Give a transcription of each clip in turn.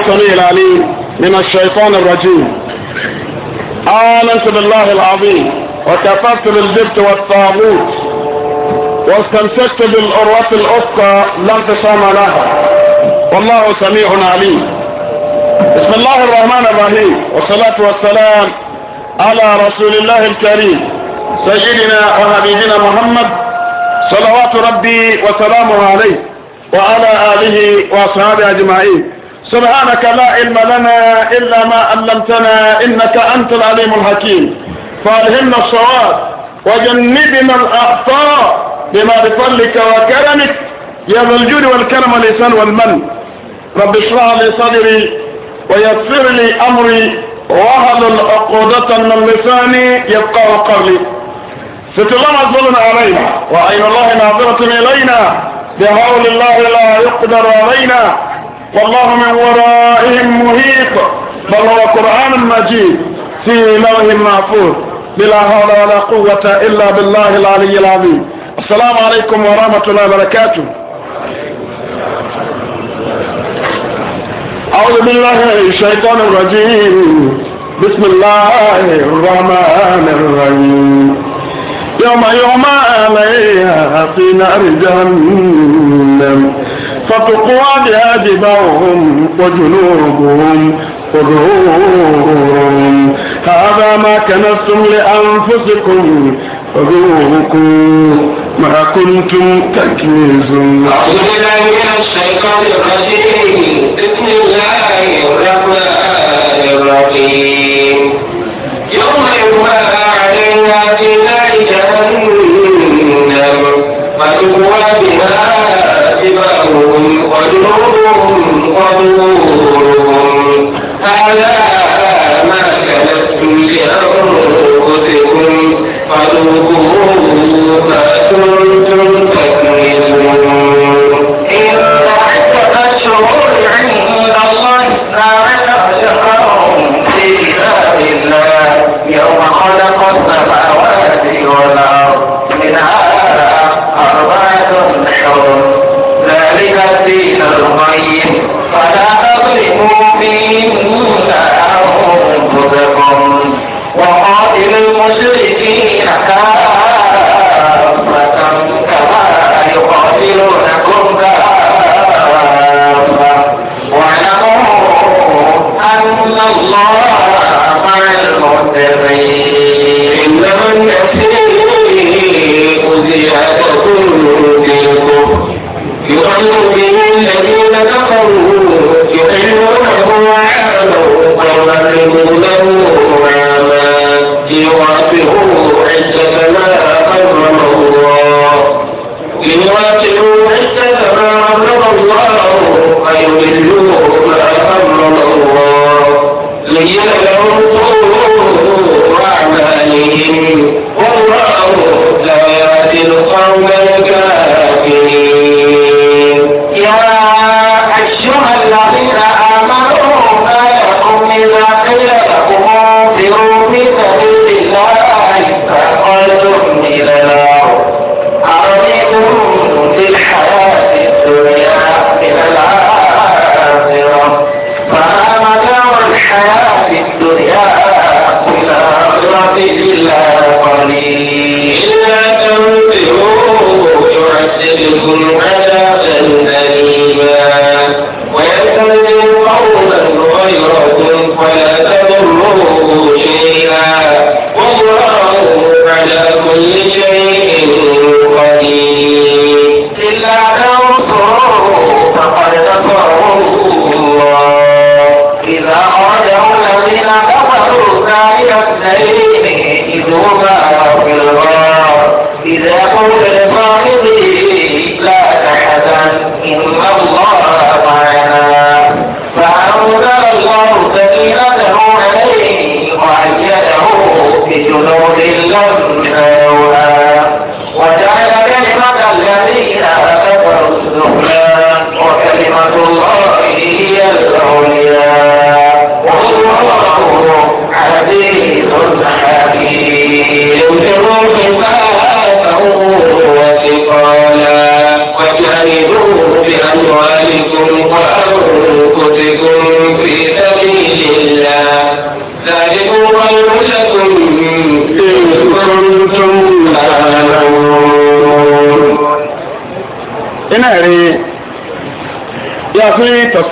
السميع العليم من الشيطان الرجيم آمنت بالله العظيم وكفرت بالجبت والطاغوت واستمسكت بالأروة الأفقى لا انقسام لها والله سميع عليم بسم الله الرحمن الرحيم والصلاة والسلام على رسول الله الكريم سيدنا وحبيبنا محمد صلوات ربي وسلامه عليه وعلى آله وأصحابه أجمعين سبحانك لا علم لنا إلا ما علمتنا إنك أنت العليم الحكيم فألهمنا الصواب وجنبنا الأخطاء بما بفضلك وكرمك يا ذا الجود والكرم والإحسان والمن رب اشرح لي صدري ويسر لي أمري وهل العقودة من لساني يبقى قولي ست الله مظلنا علينا وعين الله ناظرة إلينا بهول الله لا يقدر علينا والله من ورائهم مهيط بل هو قرآن مجيد في لوح محفوظ بلا حول ولا قوة إلا بالله العلي العظيم السلام عليكم ورحمة الله وبركاته أعوذ بالله الشيطان الرجيم بسم الله الرحمن الرحيم يوم يوم عليها في نار جهنم فتقوى بها جباههم وجنوبهم وظهورهم هذا ما كنستم لأنفسكم فذوقوا ما كنتم تكنزون أعوذ بالله من الشيطان الرجيم بسم الله الرحمن الرحيم يوم علينا في وجنودهم قبورهم ألم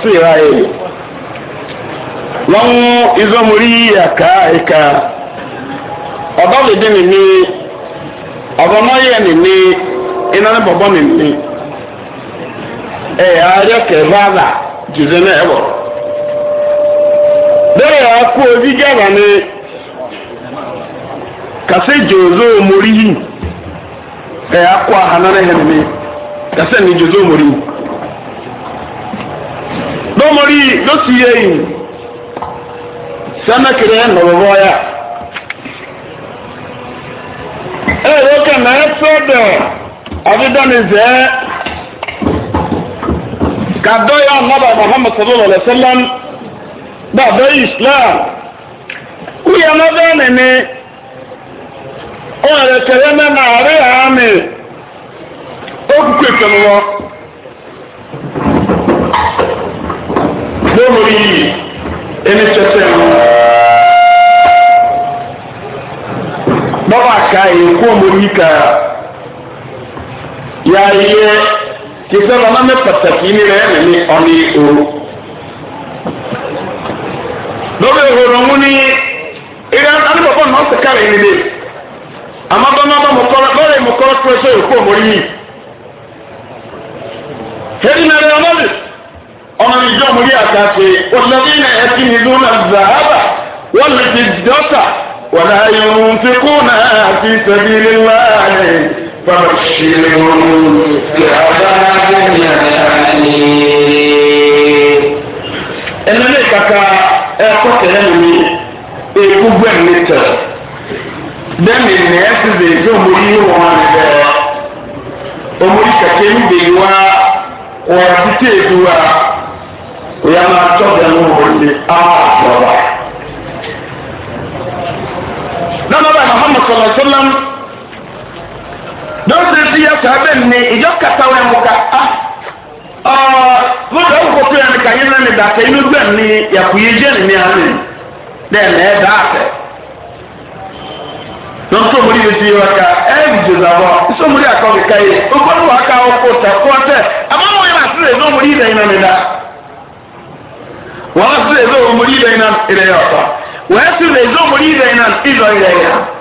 basira ye wọn izomori yaka ika ọdọ nini ọdọ nini iná bọbọ nini ẹ ayọ kẹfàdà jùzẹ náà ẹ bọ bẹẹ akú ojú jábà ni kàsẹ jòzó omori yìí e, ẹ akú ahànà náà nini kàsẹ ni jòzó omori yìí. dosi yeyin sana kiri yɛn na wɔwɔ ya ɛyɛ yɛ ka na ɛfɛ dɛ adidɔni zɛɛ ka dɔ yɛ anaba muhammad sallallahu alaihi wa sallam islam kuyɛ na bɛ nini ɔyɛ kɛyɛ na na ari ha ya yi ko muri ka ya yi yɛ kisɛ lɔ n'an bɛ pataki ni rɛ ni ɔni o dɔ bɛ ŋu ni ira ani bɔbɔ n'aw tɛ kari ni de ama bama ba mo kɔrɔ bɔrɛ mo kɔrɔ kura so yi ko yi hɛri na rɛ ɔna le jɔ muri a ta se o na yɛ kini lu na zahaba wali dɔta. ولا ينفقون في سبيل الله فبشرهم بعذاب أليم ẹnu ní kaka ẹkọ tẹlẹ mi eku gbẹ mi tẹ dẹmi ní ẹsẹ de ẹdí ọmọ yìí wọn bẹ ọmọ yìí kàkẹ́ ń bẹ wá wọ́n ti tẹ̀ ẹ̀dùn wa wọ́n yà máa tọ́ bẹ̀ ń wọlé àwọn àgbà wa. sallallahu alaihi wasallam dɔɔni ti yɛ saa bɛ nne ìjɔ kata wɛ mu ka a ɔɔ lóde o kò tó yɛ ni ka yɛ nani da inú gbɛ ni yàkú yɛ jɛ ni mìíràn ni dɛ mɛ ɛ daa fɛ dɔnso mo yɛ ti yɛ wa ka ɛ yi dzo za bɔ nso mo yɛ akɔ mi ka yɛ o kɔ ni wa ka o kò tɛ kó tɛ a ma mo yɛ na sire n'o mo yɛ yɛ nani da wɔn sire n'o mo yɛ yɛ nani yɛ yɛ ɔtɔ wɔn sire n'o mo yɛ yɛ nani yɛ yɛ ɔtɔ.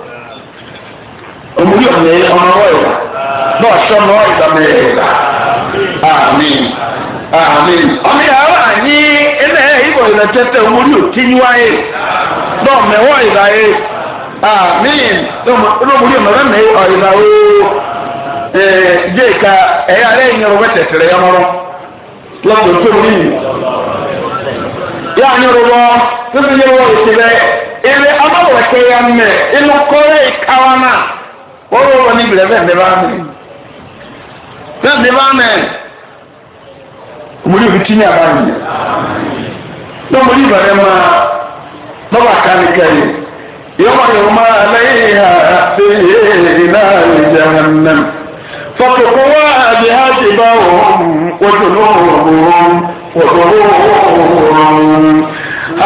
omuli ọmọ ọmọ ọyọ náà sọ ọmọ ọyọ mẹẹẹdà amen amen. ọmọ yàrá wà ní ilẹ̀ ìbò ìlẹ̀ tẹ́tẹ́ omuli òtínyí wáyé náà mẹ́wọ́ ìlà yé amen omuli ọmọ rẹ mẹ́ ọ̀yìnlá o ee jéèka ẹ̀yà rẹ̀ yẹn rọ̀ wẹ́tẹ̀tẹ̀rẹ̀ yẹn rọ̀ lọ́dọ̀ tó ní yìí yà á nyọrọ wọ́ tó ti nyọrọ wọ́ ìsirẹ́ ilé ọmọ wẹ̀kẹ́ yẹn ilé kọ́rẹ́ ìkáwá náà wọ́n wọ́n ní ìbílẹ̀ bẹ́ẹ̀ bá mi bẹ́ẹ̀ bí bá mi òmùdí òbí tí ní àbá mi ní òmùdí ìbàdàn máa bọ́bà ká ní kẹ́yìn yọmọ yọmọ lẹ́yìn àti iná ìjà nàm fọkùnkùn wá àbí há ti bá òun wọ́tò lóòrùn wọ́tò lóòrùn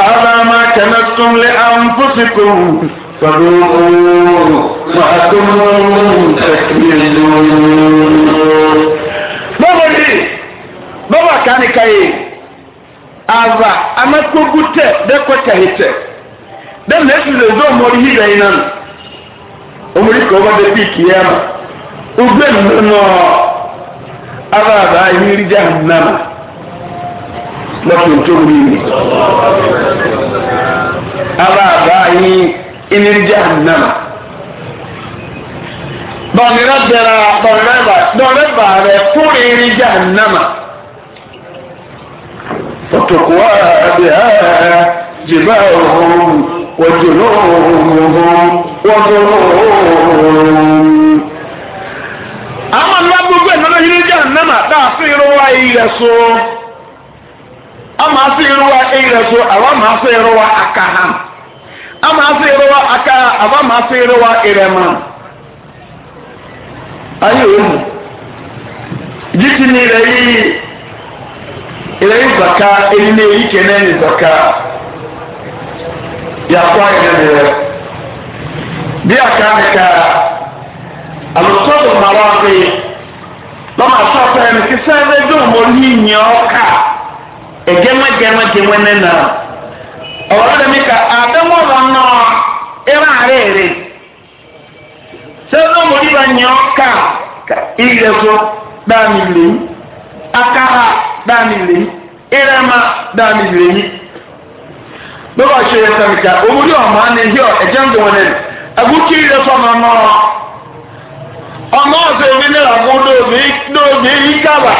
àbá máa kẹ́nẹ́tún lé àǹfọ̀sìkò a ue e eae ụ ba bɛra dɔnira dɔnira rɛ kúriri jahannama otokuwa biha ama nna gbogbo nana yiri jahannama fi ama fi so ma fi aka ha ama fi aka ma fi ayé òmu jìtì ni ilẹ̀ yìí ilẹ̀ yìí zaka ẹni ní èyí kẹ́ náà ní zaka yàtọ̀ ayé ni rẹ̀ bí àká nìka alùpùpù màrọ̀ àbẹ̀ lọ́mọ àti ọ̀pẹ̀ ẹni kí sẹ́ẹ̀dẹ̀ dùn mọ́ ní ìyẹn ọ̀ka ẹ̀gẹ́mẹ́gẹ́mẹ́gẹ́mẹ́ náà ọ̀rọ̀ dẹ̀ mi ka lọ́nà ẹ̀rọ àárẹ̀ rẹ̀. sẹ́nu ọmọdé bá nyàn ká ìrẹ́fọ́ dáàmì lèyí akára dáàmì ìrẹ́mà dáàmì bí wọ́n ṣe yẹ ọmọdé ọmọ ẹ̀jẹ̀ ń dùn ẹ̀ agùnkì ìrẹ́fọ́ ọmọ ọ̀sẹ̀ mi ní ìlàkùn dòbí yí kàbà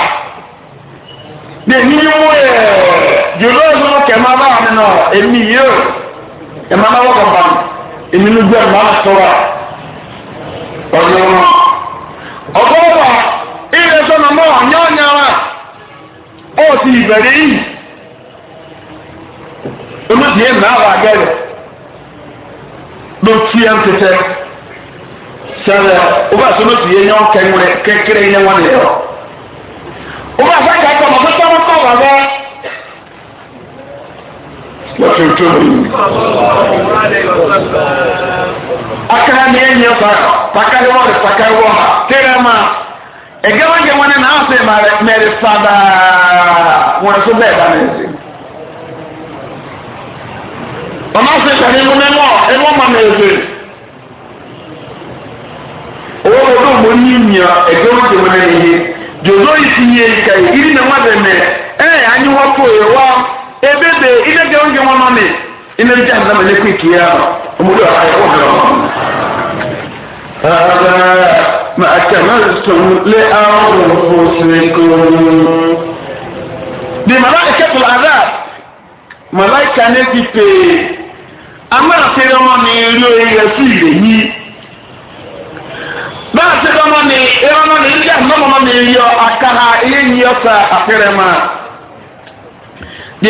lè ní ẹ̀ jùlọ ìṣòro kẹ̀má bá mi nọ yìí bá mi ló ọ̀rọ̀ ọ̀gọ́wà ilẹ̀ sọ́nà náà yányára ó ti ìbẹ̀rẹ̀ yìí olùdíyẹ náà wà gẹ́rẹ̀ ló tí ẹ ń tẹ̀tẹ̀ sẹ́rẹ̀ ó bá sọ́nà tìyẹ yán kẹ́kẹ́rẹ́ kẹ́kẹ́rẹ́ yẹn wọn lè lọ. ó bá fẹ́ kà kọ́ ọmọ pé sọ́nà kọ́ wà bẹ́ẹ̀. lọ́sọ̀tún akara ni enye fara pakari wɔ le pakari wɔ ma egama gye wɔn na afei ma re ma re fa daa wɔn so bɛɛ ba na ezi wɔn afei sani mu na ɛmɔ ɛmɔ ma na ezi owó wo do mo nyi nyia egama gye wɔn na eyi yi ti yie ka yi iri na wɔn de mɛ ɛɛ anyi wɔ po yi wɔ ebe de ide gye wɔn gye إما رجع لما نكوي كيامة أمولي أرحي أوحي هذا ما أكملتم لأنفسكم بملائكة العذاب ملائكة نكفي أما أترى من يلوي يسيره bá a ti dọ́mọ ni ìrọ́mọ ni ilé àmọ́mọ́ mi yọ akara ilé yìí ọ̀sà àpẹrẹ máa di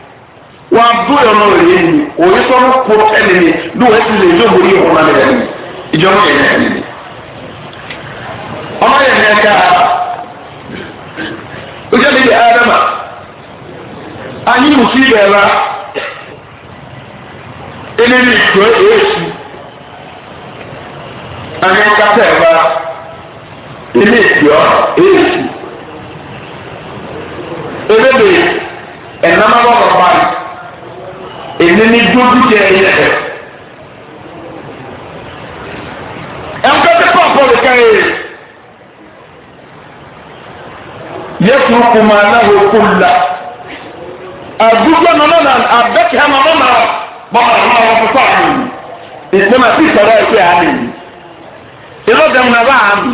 wa du yɔrɔ o ye nin o ye sɔrɔ ko ɛni ni du o e ti le do o ye kɔnɔ ne yɛrɛ ni ìjọ mo yɛ nɛɛ ni ɔmɔ yɛ nɛɛ ka o jɛ mi di adama anyi musi bɛɛ la ɛni ni tɔ eesu anyi kata yɛ ɛni tɔ eesu ebe de ɛnama ɛnɛ ni dodo kyɛ ɛyɛ hɛ ɛnkɛtɛ pɔpɔ de ka yɛ yɛ kuru kuma anahu kula adugbɔ nɔnɔ na abɛkɛ nɔnɔ na bɔbɔ nɔnɔ na wɔn fɔ ahu ɛnɛma ti sɔrɔ ɛkɛ ahu ɛnɛ dɛm na ba ahu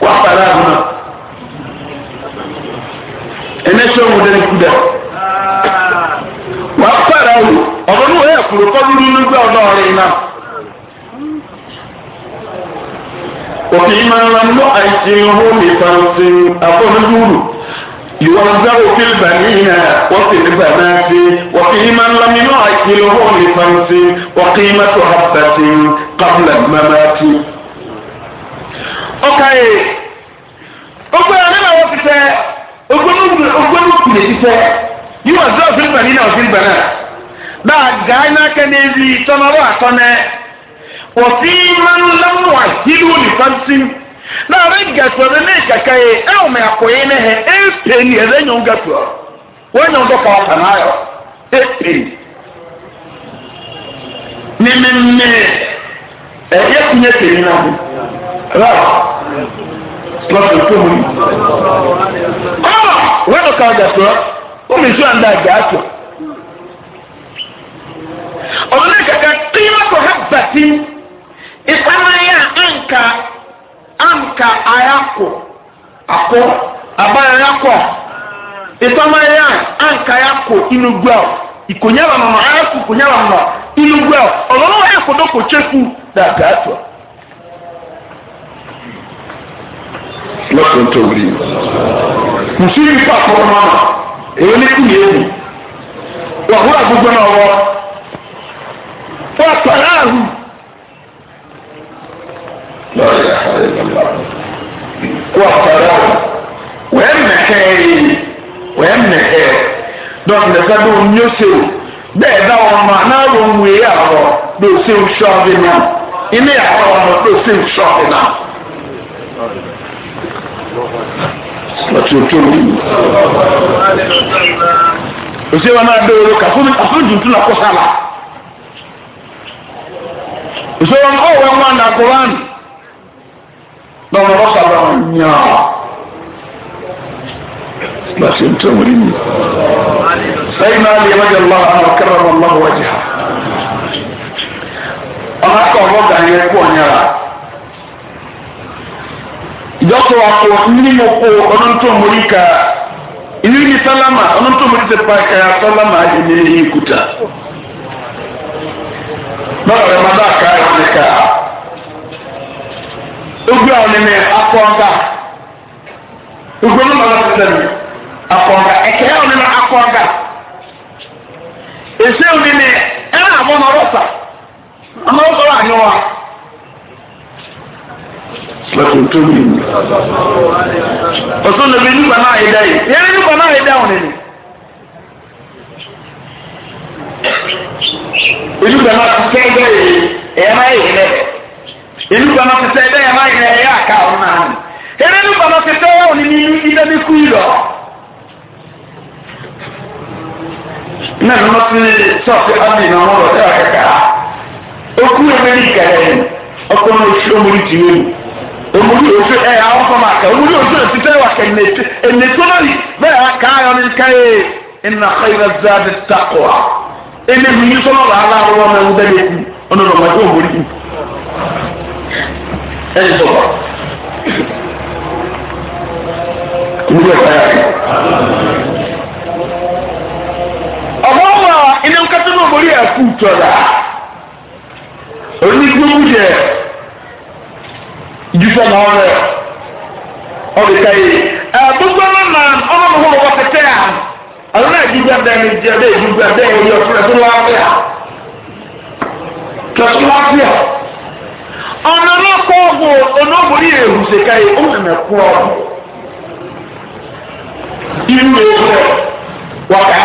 wa kpara ahu na ɛnɛ sɛ wɔn dɛ ne kuda. ní nígbà ọ̀dọ́ rẹ̀ náà. òkè yìí máa ń ra mọ́ àìsí ohun ìfàǹsì àfọ̀nàdúró ìwọ̀nzáwò fílbà nínú wọ́n sì ní bànáàtì wọ́n fi yìí máa ń lamínú àìsí ohun ìfàǹsì wọ́n kì í máa tó hàbàtì kábùlà màmáàtì. ọkà yìí ọgbẹ́ àná làwọn ti fẹ́ ogbónú kùnè ti fẹ́ yíwọ̀nzáwò fílbà nínú àwọn fílbà náà. dáàgá n'aka n'ezi ìtọ́nọ́rọ́ àtọ́nẹ́ òsì máa e lọ́wọ́ àhílù nìfàǹsì láàrin gàtò rẹ ní ìkàkà yìí ẹ ò mẹ àkọyé ní hẹ ẹ pè ní ọ wọ́n yàn dọ́kọ̀ ọ̀tàn ayọ̀ ẹ pè ní mímí ẹ yẹ e rà lọ́sọ̀ tó mú mi. ọ̀rọ̀ wọ́n ọ wọ́n mi sún àǹdà ọ̀nà kẹ̀kẹ́ kílímọ̀tò ha bàtí ìsamáyé ànkà ànkà ayakò àkó àbáyakò ìsamáyé ànkà ayakò inúgbà ìkònyàwó nọ ayakò ìkònyàwó nọ inúgbà ọ̀nà ayakò dọ́kọ̀ chẹ́kù dàgbà àtọ̀. lọ́sọ̀ tó وطلاه لا إله إلا الله وطلاه وأما خير وأما خير دون نسبه نيوسو bẹ́ẹ̀ bá wọn mọ anáàrò ń wé àrọ ló ṣe ń ṣọ́ọ̀bì náà ilé àrọ ọmọ ló ṣe ń ṣọ́ọ̀bì náà. láti ojú omi ìṣòro ọ̀ wẹ̀ wọn nà koran lọ́wọ́ lọ́wọ́ sábà wọn nyà bàtí n tó wọlé mi. sẹ́yìn náà lè wájú ọlọ́wọ́ àwọn kẹrẹ́ wọn lọ́wọ́ wájú ha. ọ̀nà kọ̀ ọ̀bọ̀ gànyẹ kú ọ̀nyàrá. ìjọsọ̀ àpò nínú oko ọ̀nà tó wọlé ká ìrírí sálámà ọ̀nà tó wọlé ti pa ẹ̀ka sálámà ẹ̀yẹ ní ìkúta. lọ́rọ̀ mmadụ aka bá àká ẹ̀ ní ká. Ogbé àwọn ẹni akọ ọ̀gá. Ogbé ní ekele ti sẹ́nu akọ ọ̀gá. Ẹ̀kẹ́ àwọn ẹni akọ ọ̀gá. Èsì ìlú bẹ̀rẹ̀ máa ti sẹ́ ẹgbẹ́ yìí ẹ̀yẹ máa yìí lẹ̀ ìlú bẹ̀rẹ̀ máa ti sẹ́ ẹgbẹ́ yẹn máa yìí lẹ̀ ẹ̀yẹ àká ọ̀hún náà hàn ẹ̀rẹ́ ìlú bẹ̀rẹ̀ máa ti sẹ́ ẹ̀wọ̀n ní ilé bí kú ìlọ. náà ní wọ́n ti sọ́ọ̀tì ámì náà wọ́n lọ sí àkàkà okú ẹ̀mẹ́rì kẹrẹ́ yìí ọkọ ní oṣù omori ti wéwu omori oṣù ẹ àwọn kọ́ máa omori oṣù ti fẹ́ wà kẹ́ẹ̀ẹ́nẹ́tọ́ náà bẹ́ẹ̀ ká ayọ̀ ní káyé ìnà xeyìrẹ́ zádì takwa ele mi nyi sɔlɔ la ala wɔlɔ na ŋutɛ yɛ ku ɔno na ɔmɛ k'o mori ku ɛyɛ sɔlɔ ŋu yɛ fɛ ɔmɔ wa ɛnɛ nkata na ɔmori yɛ ku tɔ la oni gbogbo yɛ jufɛ na ɔrɛ ɔbi ka yi ɛ gbogbo ɛna ɔmɔ mi hɔ wɔ pɛtɛ a àwọn náà jíjẹ bẹ́ẹ̀ ni jẹ bẹ́ẹ̀ ju bẹ́ẹ̀ bẹ́ẹ̀ yọ fún ẹtú láfíà tẹ̀sí láfíà ọ̀nà náà kọ́ ọ̀gbọ̀n onóbòrí èrò ṣèkà yìí ó mẹ̀mẹ̀ kú ọ irú èrò rẹ̀ wọ̀ká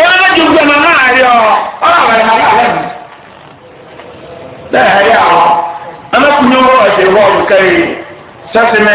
ẹ̀rọ náà ju bẹ́ẹ̀ náà yọ ọ̀nà àwọn ẹ̀rọ náà lẹ́nu bẹ́ẹ̀ yà ọ́ ẹ̀rọ kúnyẹ́wọ́ ẹ̀ṣẹ̀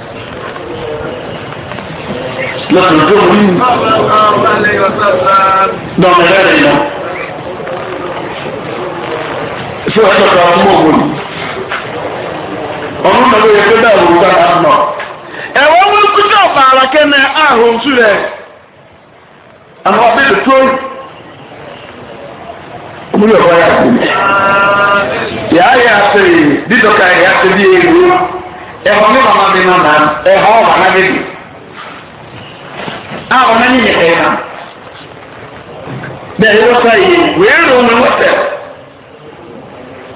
lọ́sọ̀rọ̀ tó wù mí. dọ̀mọ̀ rẹ̀ lọ. ṣé kú sí ọ̀bà àràkẹ́ náà ààrùn sí rẹ̀. àwọn abẹ́lẹ̀ tó múlò ọ̀bá yà kú. yàá yà sè dídọ̀ka yà sè bí ewu ẹ̀họ́ ní màmá mi nà nà ẹ̀họ́ ọ̀bà náà bẹ̀rẹ̀ a ah, ọ̀nà ní yẹ̀kẹ́ yẹn náà bẹ́ẹ̀ wọ́n sá yìí wèé rò wọn wọ́n sẹ̀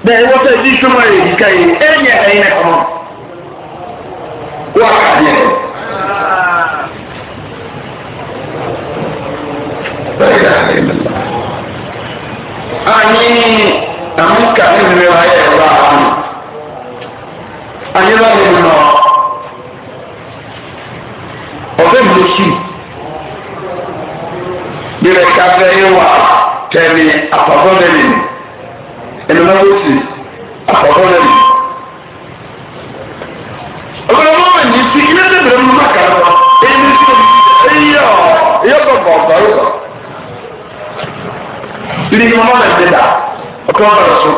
bẹ́ẹ̀ wọ́n sá yìí sọ́mọ́ yìí kíkà yìí ẹ̀ ń yẹ̀kẹ́ yẹn kọ́ mọ́ wọ́n á kà á yẹn. Anyi amuka ni mmiri wa yɛ ɛba ano. Anyi ba mi nɔ. Ɔbɛ mu si bíbẹ káfẹ ìwà tẹni àpapọ̀ lẹ́nu ẹnumẹ́wòsì àpapọ̀ lẹ́nu. ọ̀gbọ́n mọ́ mi ní ti ilé tẹ̀lé mi má kàrọ̀ èyí ní ti èyí ọ̀ èyí ọ̀gbọ̀n gbọ̀ngbọ̀n yóò. ìdí ni mọ́mọ́ náà ti dà ọ̀tún ọ̀gbọ̀n sọ.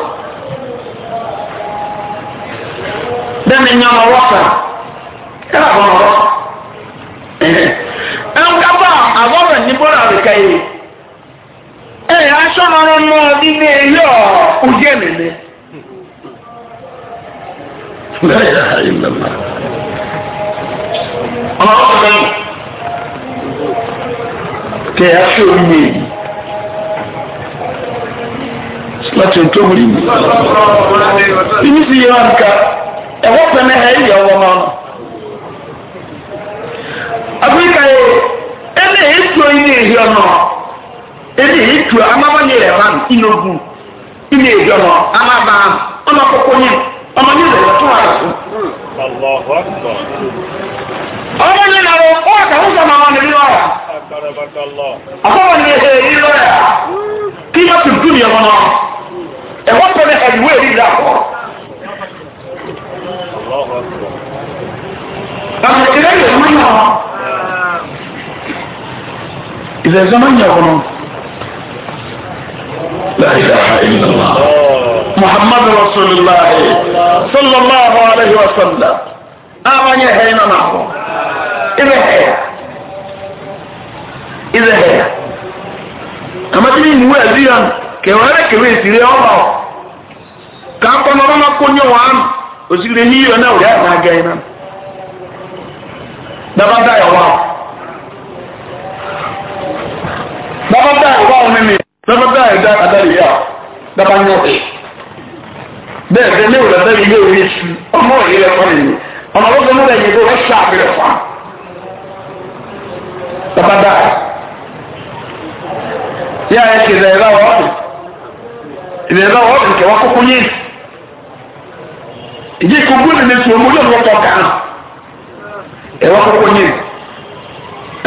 bẹ́ẹ̀ ni nyọ́mọ wọ́sàn ẹ̀ ẹ̀ àwọ̀rọ̀ ní bọ́lá àbíkà yìí ẹ̀ aṣọ ọ̀rọ̀ náà nílé ilé ọ̀ọ́jẹ́ mẹ́lẹ́. ọlọ́wọ́ kan kẹ́ ẹ̀ aṣọ orí mi yìí láti ọjọ́ orí mi. Bíbí sì yẹ wọn ká ẹ̀wọ́ pẹ̀lú ẹ̀yẹ ọwọ́ náà nɔ ebi yi tu amaba nye yɛ ram inogu ine ebi ama amaba ɔma koko nye ɔma nye yɛ to ara so. ɔmɔ nye na wo ɔwɔ ka ho sɔma wɔn ebi lɔra ɔmɔ wɔn nye he ebi lɔra kí yɛ tuntum yɛ wɔn nɔ ɛwɔ tɔ ne ɛdiwɔ ebi da kɔ. Àwọn ìṣẹ̀lẹ̀ yẹn mú yàn. إذا زمن يغنون لا إله إلا الله محمد رسول الله صلى الله عليه وسلم آمن يهينا معه إذا هي إذا هي كما تبين هو أزيان كوالا كوي سيري الله كان كنا رمى كوني وعام وسيري هي أنا ولا أنا جاينا دابا دا يا واو bàbá bá ẹ̀rọ àwọn mímì bàbá bá ẹ̀dá adarí yá bàbá ń yọ̀kì bẹ́ẹ̀ bẹ́ẹ̀ ní òwúrọ̀ bẹ́ẹ̀ ilé òwe su ọmọ òye lẹ fọ́n nìyí ọmọ ọlọ́gbọ́n mú lẹ́yìn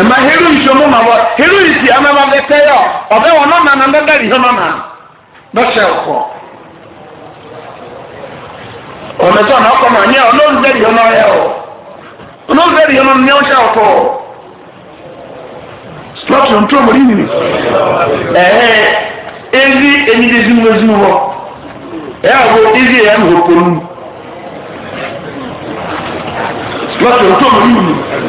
ma heroin sọ mu ma bọ heroin si ama ma bẹ tẹ yọ ọbẹ wọn nọna na ndẹ dari hàn nọna lọsẹ ọkọ ọmọdé ọ̀nà ọkọ mà ní ọ ọ̀nà olùdarí hàn náà yẹ ọ ọ̀nà olùdarí hàn náà ní ọ̀sẹ̀ ọkọ slọtì ọ̀n tó ọmọ yìí nìyí ẹ̀ẹ́ ezi enyidi ezimu ezimu wọ ẹ̀ àgbo ezi ẹ̀ ń hòpò nù slọtì ọ̀n tó ọmọ yìí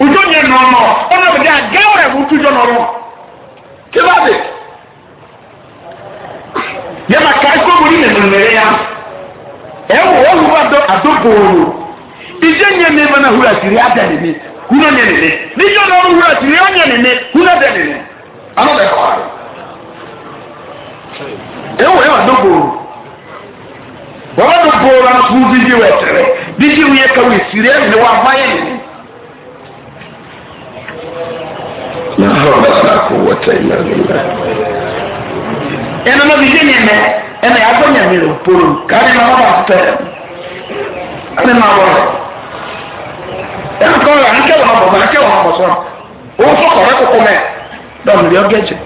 ujo nye nɔnɔ ɔnɔ bɛ di a gɛwɛrɛ b'u tu jɔ nɔnɔ tiba de yaba ka ɛkɔ wuli nɛmɛmɛrɛ ya ɛwɔ ɔlu wa dɔ a dɔ gooro ije nye ne mana hura siri ada ne ne kuna nye ne ne ni jɔ na hura siri ɔnyɛ ne ne kuna dɛ ne ne alo bɛ kɔ ara ɛwɔ ɛwɔ dɔ gooro ɔwɔ dɔ gooro a kuu didi wɛ tɛrɛ didi wɛ kawo esiri ɛwɔ wa ba yɛ ne ne. حول ولا قوة إلا بالله ẹnu náà bìí sẹ́yìn ẹ̀mẹ́ ẹ̀mẹ́ agbọ́nyà mi rò polo kárí náà wọ́n bá tẹ̀ ẹ̀mẹ́ máa wọ̀ ẹ̀mẹ́ kọ́ ọ̀rọ̀ àńkẹ́ wọn bọ̀ bọ̀ àńkẹ́ wọn bọ̀ sọ̀rọ̀ owó sọ̀kọ̀ rẹ̀ kókó mẹ́ dọ̀mù rí ọgẹ́ jẹ.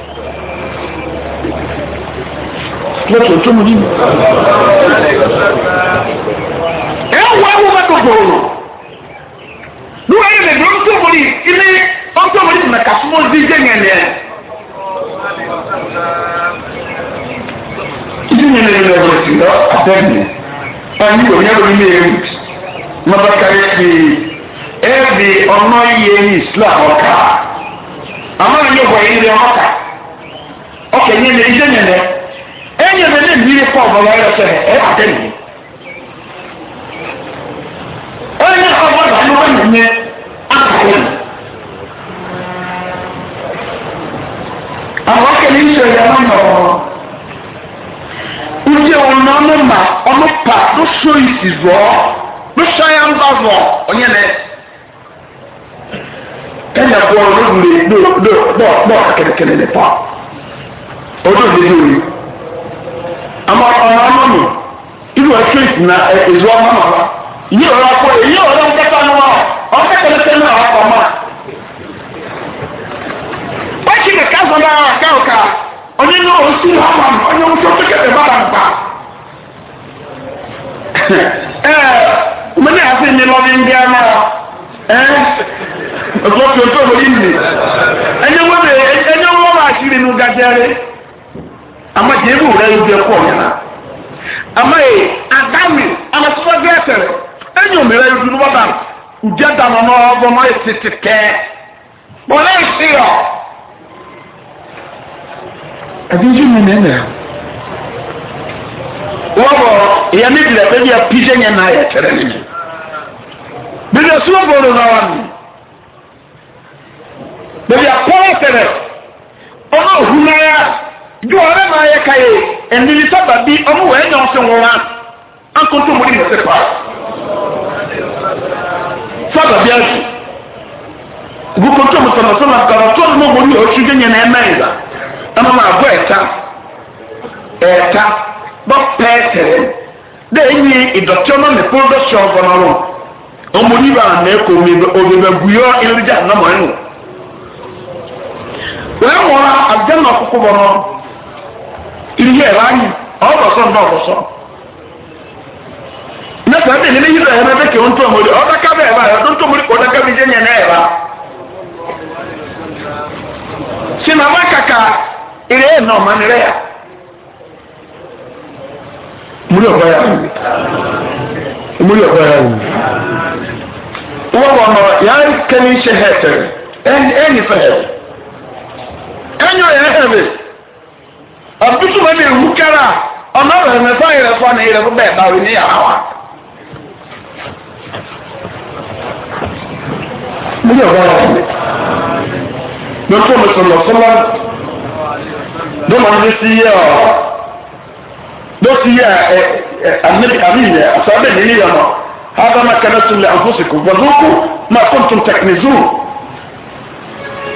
lọ́sọ̀ tó mu nínú. ẹ̀ wọ́n wọ́n bá tó gbòòrò lúwẹ̀ẹ́ lè dúró tó mu ní ilé ọtọ wọn ti mẹka fún wọn dídé yẹn yẹn ìdí yẹn lè lọ bọ̀ sí lọ àtẹ́bí ẹni wò yẹn lórí yẹn wù lọ́ba kárí sí ẹ̀ẹ́dì ọ̀nà yẹ ní islam ọ̀ka àmọ́ ẹ̀yẹ wọ̀ yẹn lé ọ̀ka ọ̀kẹ́ yẹn lè ìdí yẹn lẹ ẹ̀yẹ lè lè mí pọ̀ ọ̀bọ̀ lọ́yọ̀ sẹ́yìn ẹ̀ àtẹ́bí ẹ̀yẹ ọ̀bọ̀ lọ́yọ̀ sẹ́yìn àtẹ́bí. àwọn akẹ́lẹ́ ìṣe ẹ̀yà máa nà ọ́ ndé wọn náà ọmọ mà ọmọ pa ló so ìsì zọ ló so ayé ńgbà zọ ọ̀nyẹ́ nẹ ẹ̀yà bọ̀ ló lè ló ló bọ̀ bọ̀ kẹ̀kẹ́kẹ́ lè pa ọdún òde ló rí àmọ́ ọ̀nà ọmọ mi ìlú ẹ̀ṣọ́ ìsìn náà ẹ̀ èzú ọmọ mà wá yí ọ̀rọ̀ akọ èyí ọ̀rọ̀ nkẹta ni wọn ọ̀kẹ́kẹ́ lẹ́sẹ̀ náà wà pọ̀ mọ́. wọ́n ti kẹ̀kẹ́ sọ náà. aka onye na osi na ama m onye nwụsị otu kete bara mkpa ee mmiri asị ndị lọbi ndị ama ee ọzọ otu obodo enye nwoke enye nwoke achịrị n'ụgajere ama ebe ụra ibi ọkụ ọnyana ama ee amasịkwa gị etere enyi omere ụdị adanọ n'ọgbọ n'ọyị tịtị kee kpọrọ esi ya abinci mu ne na wabɔ eya mi di la bɛ bi a pise nyɛ na yɛ tɛrɛ ne nyɛ bi na suwa bolo na wa ni bɛ bi a kɔɔ tɛrɛ ɔmɔ hunaya jɔyɔrɔ na yɛ ka ye ɛnili saba bi ɔmɔ wɛ nyɔn sɛn wɔn wa an ko to mo ni mɔtɛ pa saba bi a su bu ko to mo sɔrɔ sɔrɔ kɔrɔ o su jɛ nyɛ na ama ma abɔ ɛta ɛta bɔ pɛɛsɛrɛ dɛ enyi idɔtɔ na mɛko dɔ sɔ ɔgbɔnɔrɔ ɔmo ni ba na ɛkɔ mi omi bɛ guyɔ elija anamɔ ɛnu wɛn wɔn a abijan na ɔkoko bɔ nɔ ilé ɛrɛ anyi ɔbɔsɔ ndɔ ɔbɔsɔ ne sɛ ɛdi nini yiri ɛyɛ bɛ kewu ntɔ mori ɔdaka bɛ ɛba yɛ ɔdun tɔ mori ɔdaka bi jɛ nyɛ n'ɛyɛ ba sinama ilé ẹ̀ nà ọ̀ma nìrẹ́ yà múlò ọ̀kọ́ yà wù múlò ọ̀kọ́ yà wù wọ́n wọ̀ nọ yàrá kẹ́ni ṣe hẹ́tẹ̀ ẹ̀yìn fẹ́ hẹ́tẹ̀ ẹ̀yìn ọ̀yà hẹ́tẹ̀ àbísùmọ̀ ní ìwú kẹ́ra ọ̀nà ọ̀rẹ́ mẹ́fà ìrẹ́fọ́ ni ìrẹ́fọ́ bẹ́ẹ̀ báwí ní yàrá wa. múlò ọ̀kọ́ yà wù lọ́tọ́ mẹ́sàn-án lọ́sọ́lá ló máa ní sí yẹ ọ ló sí yẹ ẹ ẹ àmì yẹ àtàwọn ènìyàn yẹ ọ هذا ما كنتم لأنفسكم وذوقوا ما كنتم تكنزون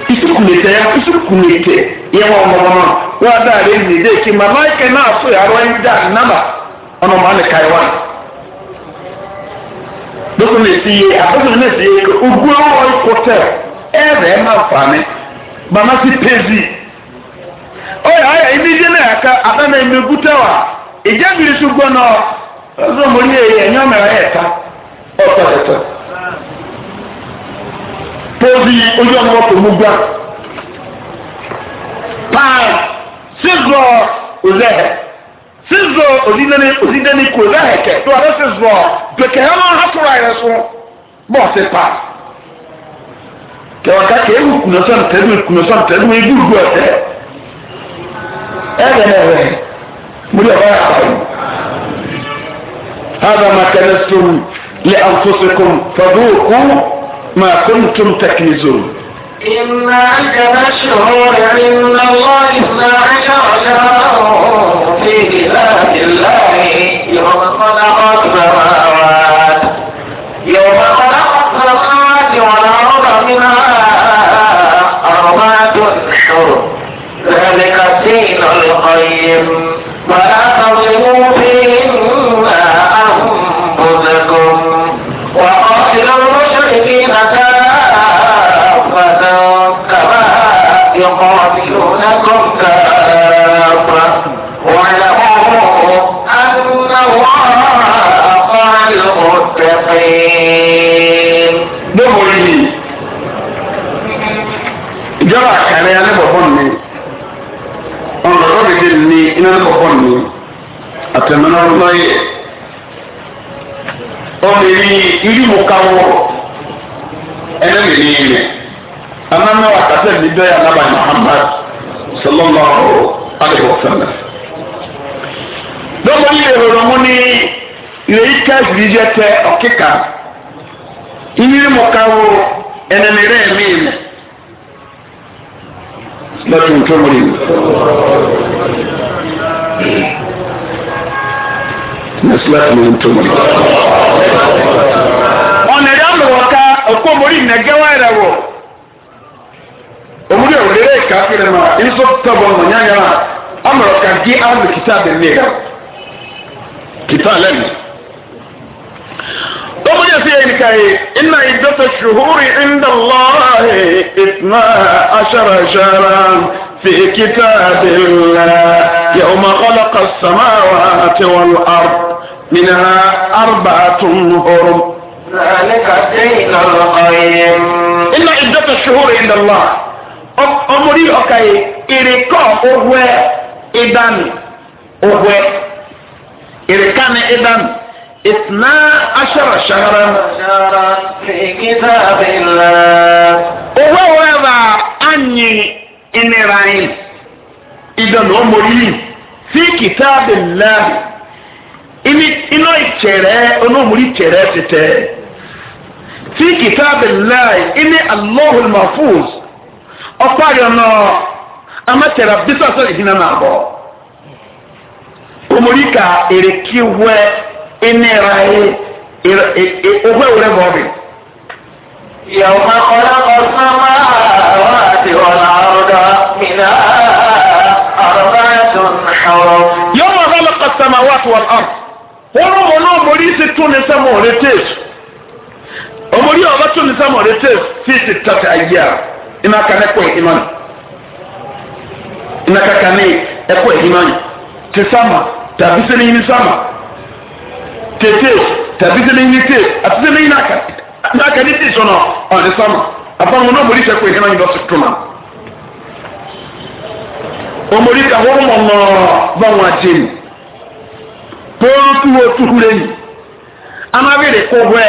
isuku nìkẹ ya isuku nìkẹ yẹn wọn ọmọ ọmọ wọn adá rẹ ní ilé kí màmá ike náà sọ yàrá ẹni dá nàmà ọmọ ọmọ ànìkà ẹwà lókun lè fi yé àbẹ̀sọ̀ lè fi yé ogún ọwọ́ ikú tẹ̀ ẹ̀ rẹ̀ máa fà mí màmá sì pèsè oya oya imi je na aka ada na ime gutawa ije biri sugbo na ọzọ mo ni eye enyo mera eta ọtọ ẹtọ tobi ojú ọmọ ọkọ mu gbá paa sizọ ozẹhẹ sizọ odidani odidani kò zẹhẹkẹ tó a bẹ sizọ bẹkẹ hẹ máa hàtúrọ ayẹyẹ so bọọsi paa kẹwàá ká kẹ ewu kùnọsán tẹnu kùnọsán tẹnu ewu gbọ ọtẹ. هذا ما هو مولي هذا ما كنزتم لأنفسكم فذوقوا ما كنتم تكنزون إن عدد الشهور عند الله اثنا عشر شهرا في بلاد الله يوم المتقين دمري ìjọba àkàrẹ alẹ́bọ̀bọ̀ mi ọ̀nà lọ́dẹ̀dẹ̀ ní iná alẹ́bọ̀bọ̀ mi àtẹ̀mẹ́nà ọlọ́yẹ ọmọ èyí ìlú kawọ ẹnẹ́mì ní ilẹ̀ anáná àkàtẹ́ mi bẹ́ẹ̀ anábà muhammad sallallahu alayhi wa sallam lọ́mọ yìí èrò lọ́mọ ní ìrèyí kẹ́sì bí jẹ́ tẹ ọ̀kíkà ìyírí mu káwó ẹnẹnìrẹ́ mi mẹ́ lọ́tún tó múlẹ̀ mi. Nasilat mi tó múlẹ̀. Ọ̀nàdì àlùwọ̀ká ọ̀kọ́ mórí nàgẹ́wà rẹ̀ wọ̀. Omúdí òwúrẹ́ rẹ̀ káfíìrì ọmọ ọ̀ka gé àlùkìtà bẹ̀ mí. Kìtà lẹ́nu. يا يسيرك إن عدة الشهور عند الله إثنى عشر شهرا في كتاب الله يوم خلق السماوات والأرض منها أربعة هرم ذلك الدين القيم إن عدة الشهور عند الله أمري أكاي إريكا أهوى إدان أهوى إريكا إدان اثنا عشر شهرا في كتاب الله owó ẹ̀bà ányì ìnirayin ìdánù ọmọ yìí sí kìtàbí ńlá iná ìtẹ̀rẹ́ onóòmùrí tẹ̀rẹ́ tẹ̀tẹ̀ sí kìtàbí ńlá iná alóhùn mahfuz ọ̀pá yọ̀nà amátẹ̀rà bísọ̀sọ̀ ìdínà náà bọ̀ ọmọrí ka èrè kí wẹ́ẹ́. إني رأي أبور مؤمن يوم خلق السماوات والأرض منها أربعة حرم يوم خلق السماوات والأرض wọ́n mọ̀ náà mọ̀rí sí tún ní sẹ́mu ọ̀rẹ́ tèèsì ọmọdé ọba tún ní sẹ́mu ọ̀rẹ́ tèèsì sí ti tọ́ta ayé a iná kanẹ́kọ̀ọ́ ìhìnmá ni iná kanẹ́kọ̀ọ́ ìhìnmá ni ti sáma tàbí sẹ́ni yìí ní sáma tètè tàbí a ní tè àti n'aka ní nàkà nàkà ní tè sọ̀nà ọ̀nì sàmà àbáwọn náà mòrí sẹ́kù ìhẹ́nà yìí lọ́sẹ̀ tó nà. omori ka wọ́n mọ̀ nọ báwọn àjẹ mi pọ́n tuwo tuhu lẹ́yìn amábìrì kó bọ́ ẹ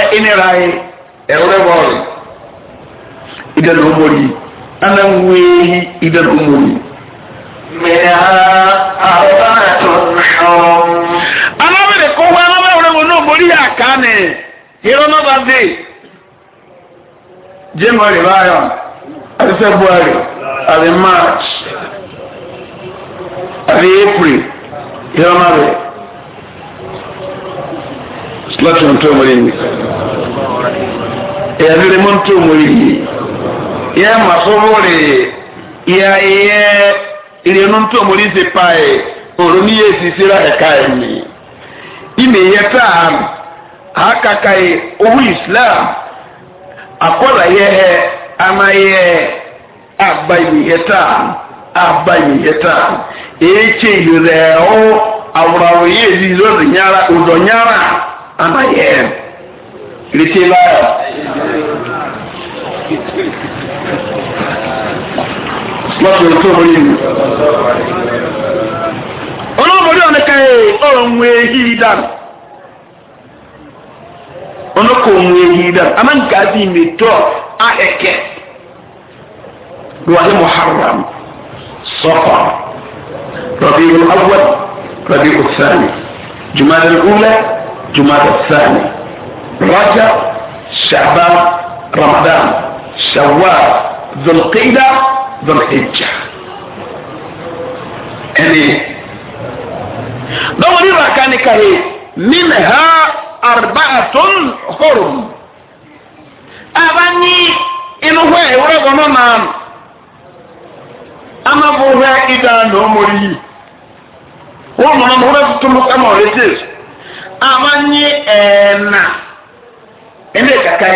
omori akane hirono bazi january bayo àti february àti march àti april hirono be slot on to omori ni ya dire mon to omori ya masovore ya ye ile non to omori se pae oroni yesi sira eka emi ime yɛ taa no akaka yi owu islam akɔla yɛ hɛ ama yɛ aba yi yɛ taa aba yi yɛ taa ekye yi rɛ o awurawo yɛ nyara odɔ nyara ama yɛ rete la olóòbòrí ọ̀nẹ́ka ẹ̀ ọ̀rùn ehi dànù ọ̀nọ́kọ̀ ọ̀rùn ehi dànù amáǹkà bí mẹ́tọ́ ahẹ́kẹ́ lọ́wọ́ muharram sọ́kọ̀ rọ̀bì ọ̀wọ́ rọ̀bì ọ̀sánì jùmọ̀dé ọ̀lẹ́ jùmọ̀dé ọ̀sánì rọ́jà ṣàbá ramadan ṣàwá zolqida zolhijja ẹni. dɔnku ni baka ni ka ha arbaatun hurum a ni inu hɔ wura na an ma bɔ hɛ i da nɔmɔri yi wɔn mɔna mɔ wura tun kama o de te a b'a ni ɛɛna ka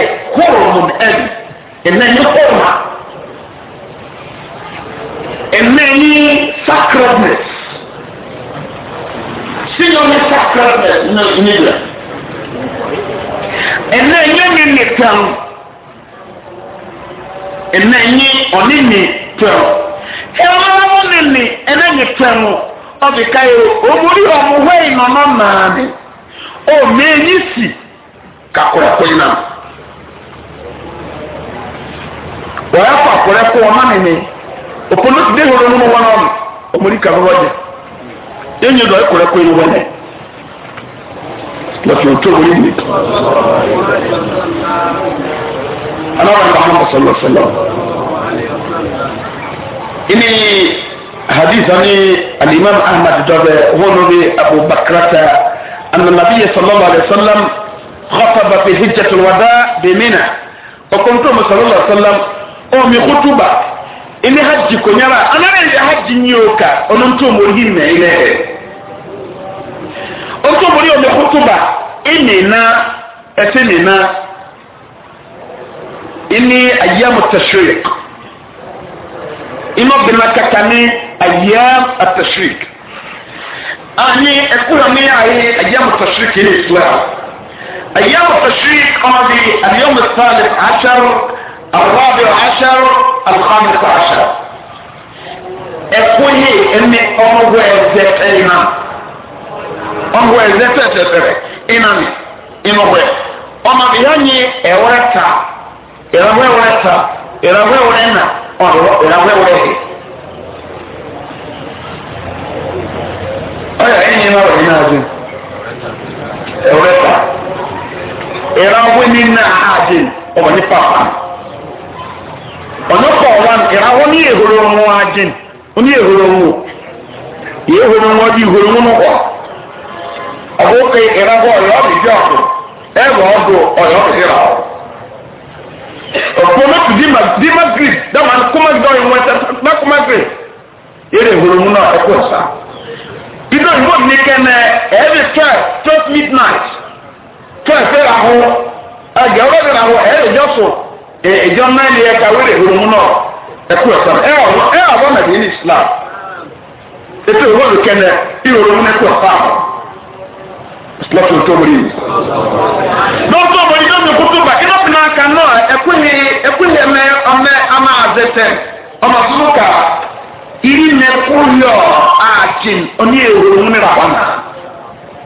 ni ni singleness sacredness ɛnna enye ne ne tɛm ɛnna enye ɔne ne tɛm ɛwɔn ne ne ɛnna e ne tɛm ɔbi e e ka yi omori ɔmo hɔ o mee nyi si kakorɛko yi na. wɔyɛ ɔma ne enyi dɔ ekura ko eyi wɛlɛ lɔfi o tó wuli mi alahu muhammad sallallahu alaihi wa ini hadisa ni alimam ahmad dɔbɛ wɔnu bi abu bakrata ananabiya sallallahu alaihi wa sallam kɔfaba fi hijjatul wada bi mina ɔkɔntɔn sallallahu alaihi wa sallam ɔmi kutuba ini hajji ko nyara anara nyi o ka ɔno ntɔn mo mɛ yi otu omori ome hutuba imina etimina ini ayyamu tashriq ino binakaka ni ayyam atashriq ani ekura ni ayi ayyamu tashriq ni islam أيام التشريق قاضي اليوم الثالث عشر الرابع عشر الخامس عشر أقول إني أمر وأزيد أيمان ɔhwɛ ɛsɛsɛsɛsɛrɛ ɛnani ɛnɔhwɛ ɔma bi yɛ nye ɛwɔrɛ ta ɛrɛhwɛ ɛwɔrɛ ta ɛrɛhwɛ ɛwɔrɛ na ɔhwɛ ɛrɛhwɛ ɛwɔrɛ hɛ ɔyɛ ɛnyɛ na ɔyɛ na adi ɛwɔrɛ ta ɛrɛhwɛ ni na adi ɔma ni papa ɔno kɔ ɔwan ɛrɛhwɛ ni ehoro ɔmo adi ehoro ɔmo ehoro ɔmo adi ehoro ɔmo ọ̀bùkù ìrẹ́bọ̀ ọ̀yọ́ ọ̀bìbí ọ̀kù ẹ̀rọ ọ̀dù dị ọ̀bìbíra ọ̀. ọ̀pọ̀ mẹ́tù dí madrid dáwọn kọ́mẹ́gbẹ́ ọ̀yọ́ wẹ́tẹ́ bá kọ́mẹ́gbẹ́ yẹ́rẹ́ ìhòòrò mu náà ẹ̀kọ́ ẹ̀sà. ìdá ìwọ ní kẹ́nẹ́ ẹ̀ẹ́dì twelve twelve midnight twelve fẹ́ra hó ẹ̀gẹ́ ọ̀rọ̀ fẹ́ra hó ẹ̀ẹ́dì na so ìjọ na ni ẹ̀ka wẹ́rẹ́ ìhòòrò mu náà ẹ̀kọ́ ẹ̀sà ẹ̀ẹ́ àwọn mẹ́tì ní islam ètò ìwọ ní kẹ́nẹ́ ìhòòrò mu náà ẹ̀kọ́ ẹ̀sà slọtun tomori. dọ́kítọ̀ bọ̀ ìjọba mi kútu bá kílọ̀pù náà kan náà ẹ̀kúnyẹ ẹ̀kúnyẹ mẹ ọmẹ ama àzẹtẹ ọmọ fúnfún ká ìrì nà ẹ̀kúnyọ àjìn oní ehoro mu nira náà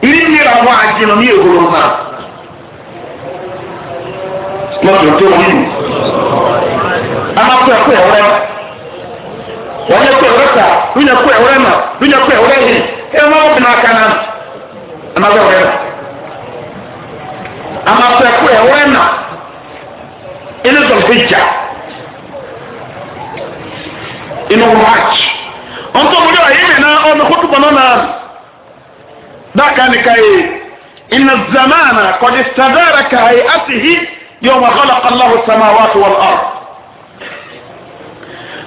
ìrì nira wọn àjìn oní ehoro mu náà slọtun tomori. amakọ ẹkọ ẹwẹ wọn yẹ kọ ẹwẹ ta wọn yẹ kọ ẹwẹ ma wọn yẹ yìí ẹ anabɛ wɛna anapɛko yɛ wɛna ɛne zɔlhijja ɛne hajj ɔntɔmɔdé wa yémi na ɔmɛ kutu bɔnɔ na daka ni ka ye ina zamana kɔdi sadara ka ye asihi yɔma kɔla alahu sama waati wɔl ɔr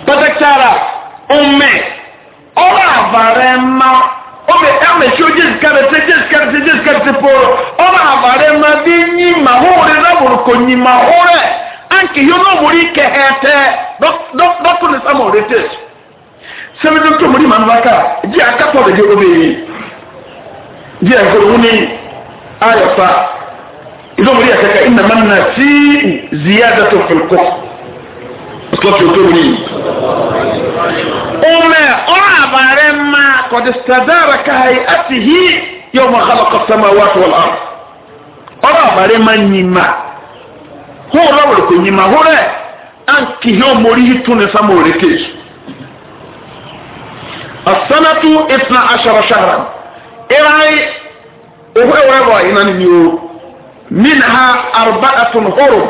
pɛtɛ kyara ɔmɛ ɔrɔ avarɛ ma obe ɛmɛ si o jesu kɛrɛtɛ jesu kɛrɛtɛ jesu kɛrɛtɛ poro ɔba abare ma bi nyi ma hore laboro ko nyi ma hore anke yi ɔno wori kɛhɛtɛ dɔkɔ ne sama o de te sɛbi dɔkɔ mo ni ma nuba ka di aka tɔ de di obe yi di ɛgbɛ wuni ayɔ fa idɔn mo ni yɛ kɛkɛ ina ma na si ziya dɛ to fili kɔ slot your family. Ume oabarema قد استدار كهيئته يوم خلق السماوات والأرض oabarema nyima hora wòle kò nyima hora anki hɛ omori yi tún ne sama wòle kejì asanatu ifna ashara shahra irai ohu ewura bɔ ina ni ni o min ha arba'atun horo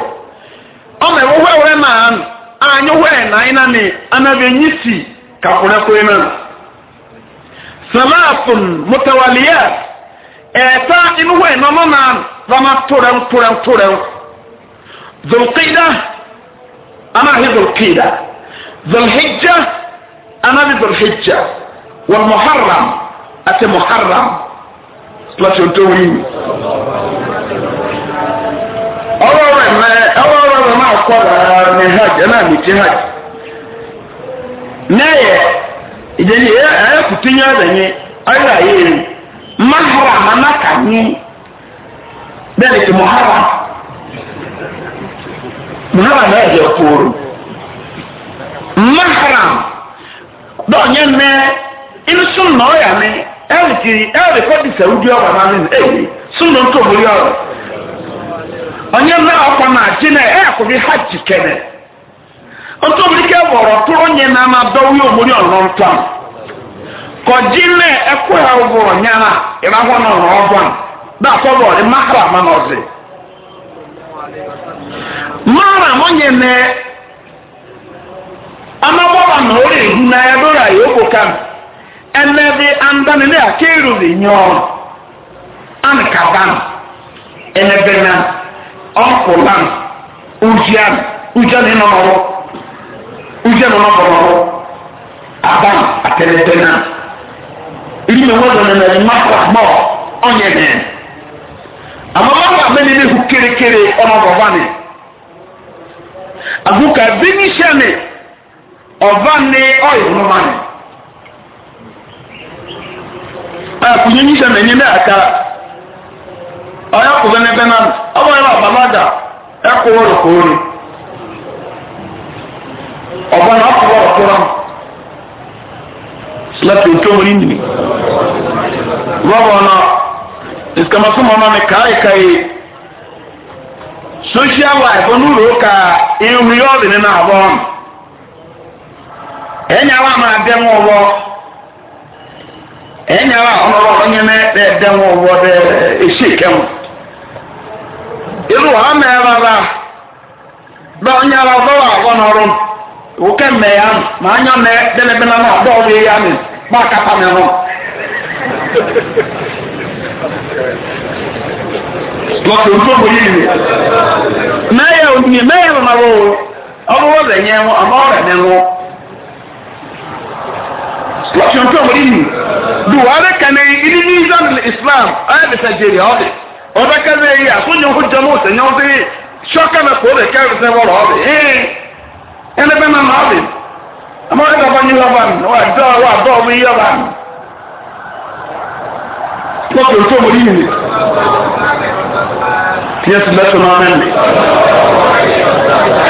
ɔmɛ ohu ewura naa anyo na ina ni anavenyisi kakuna kwena salasun mutawaliyat eta inu na mama rama matura turan turan zulqida ana hi zulqida zulhijja ana bi zulhijja wal muharram ate muharram platon tawin ọlọ́rọ̀ ẹ̀mẹ́ ọlọ́rọ̀ ẹ̀mẹ́ máa kọ́ lára ya hajj ẹ̀ náà mi ti hajj n'ẹ̀yẹ ìdẹ́ni ẹ̀ ẹ̀ kùtù yẹn ọ̀dẹ̀ ya ọ̀yọ̀ ayé rẹ̀ mahara manaka yẹn bẹ́ẹ̀ ni ti muhara muhara náà yẹ kúrò mahara dọ̀nyẹ́ mẹ́ inú sùn náà ọ̀yà mi ya kiri ẹ̀rì kọ́ di ya ọ̀rọ̀ náà nínú ẹ̀yẹ sùn náà ń tó ya. onye na ọkwa e na jina ekwubi ha jikene otu obirike wọrọ tụrụ onye na ọrụ ntọ kọji na ekwe ha ụgbọrọ na ịrahụ ọrụ ọgwa na ọrị onye na amagbọba na ọrụ ehu na ya dọrọ ya okwu kam ẹnẹbi andani ní akéèrò lè ọrụ ọkụlan ujian ujian nọ n'ọrụ ujian nọ n'ọrụ abam atẹlẹtẹ náà ìdí mi wọ́n dọ̀nà ní mako àgbọ̀ ọ̀nyẹ̀ nẹ̀ àmọ́ mako àgbẹ̀ ni ihu ọnọdụ ọmọ bàbá mi ebe bíní iṣẹ́ mi ọ̀bá ni ọ̀yọ̀ ọmọ ọyọ kò bẹ n'ebe náà ọmọ yẹn náà bàbáda ẹ kó wọlé kó wọlé ọba náà kó wọlé kó wọlé láti ojú omi nìyí rọbọ mọ ka ihe ihu ọnụ ɛnyɛ a ɔno ɔno nyɛ mɛ dɛ dɛm wɔ dɛ esi kɛm iru ha mɛ ba bɛ ɔnyɛ a ba wa wɔ na ɔrɔ wò kɛ mɛ ya no mɛ anya mɛ dɛ ne bena na ɔbɔ ɔbɛ ya mi ba kapa mɛ no lọtò ntò mo yi mi mɛ yɛ mɛ yɛ lọ na wɔ ɔbɔ wɔ nyɛ mo ɔbɔ wɔ bɛ nyɛ mo lọ́sùn tó wọ́n yìí do ọ̀rẹ́ kẹ́nẹ́ ìdí ní ìzánilẹ̀ islam ayé bẹ̀sẹ̀ jèrè ọ̀dẹ̀ ọ̀rẹ́ kẹ́nẹ́ yìí àtúnyẹ̀ ọ̀hún jẹun ọ̀sẹ̀ yẹn ọ̀sẹ̀ yìí sọ́kà mẹ́ kó lè kẹ́rù sẹ́ wọ́rọ̀ ọ̀dẹ̀ ee ẹni bẹ́ẹ̀ máa máa bẹ̀ àmọ́ ẹ̀ka bá yín wá mi wà dọ́ wà dọ́ mi yẹ wá mi lọ́sùn tó wọ́n yìí tiẹ̀ ti lẹ́sùn náà mẹ́rin.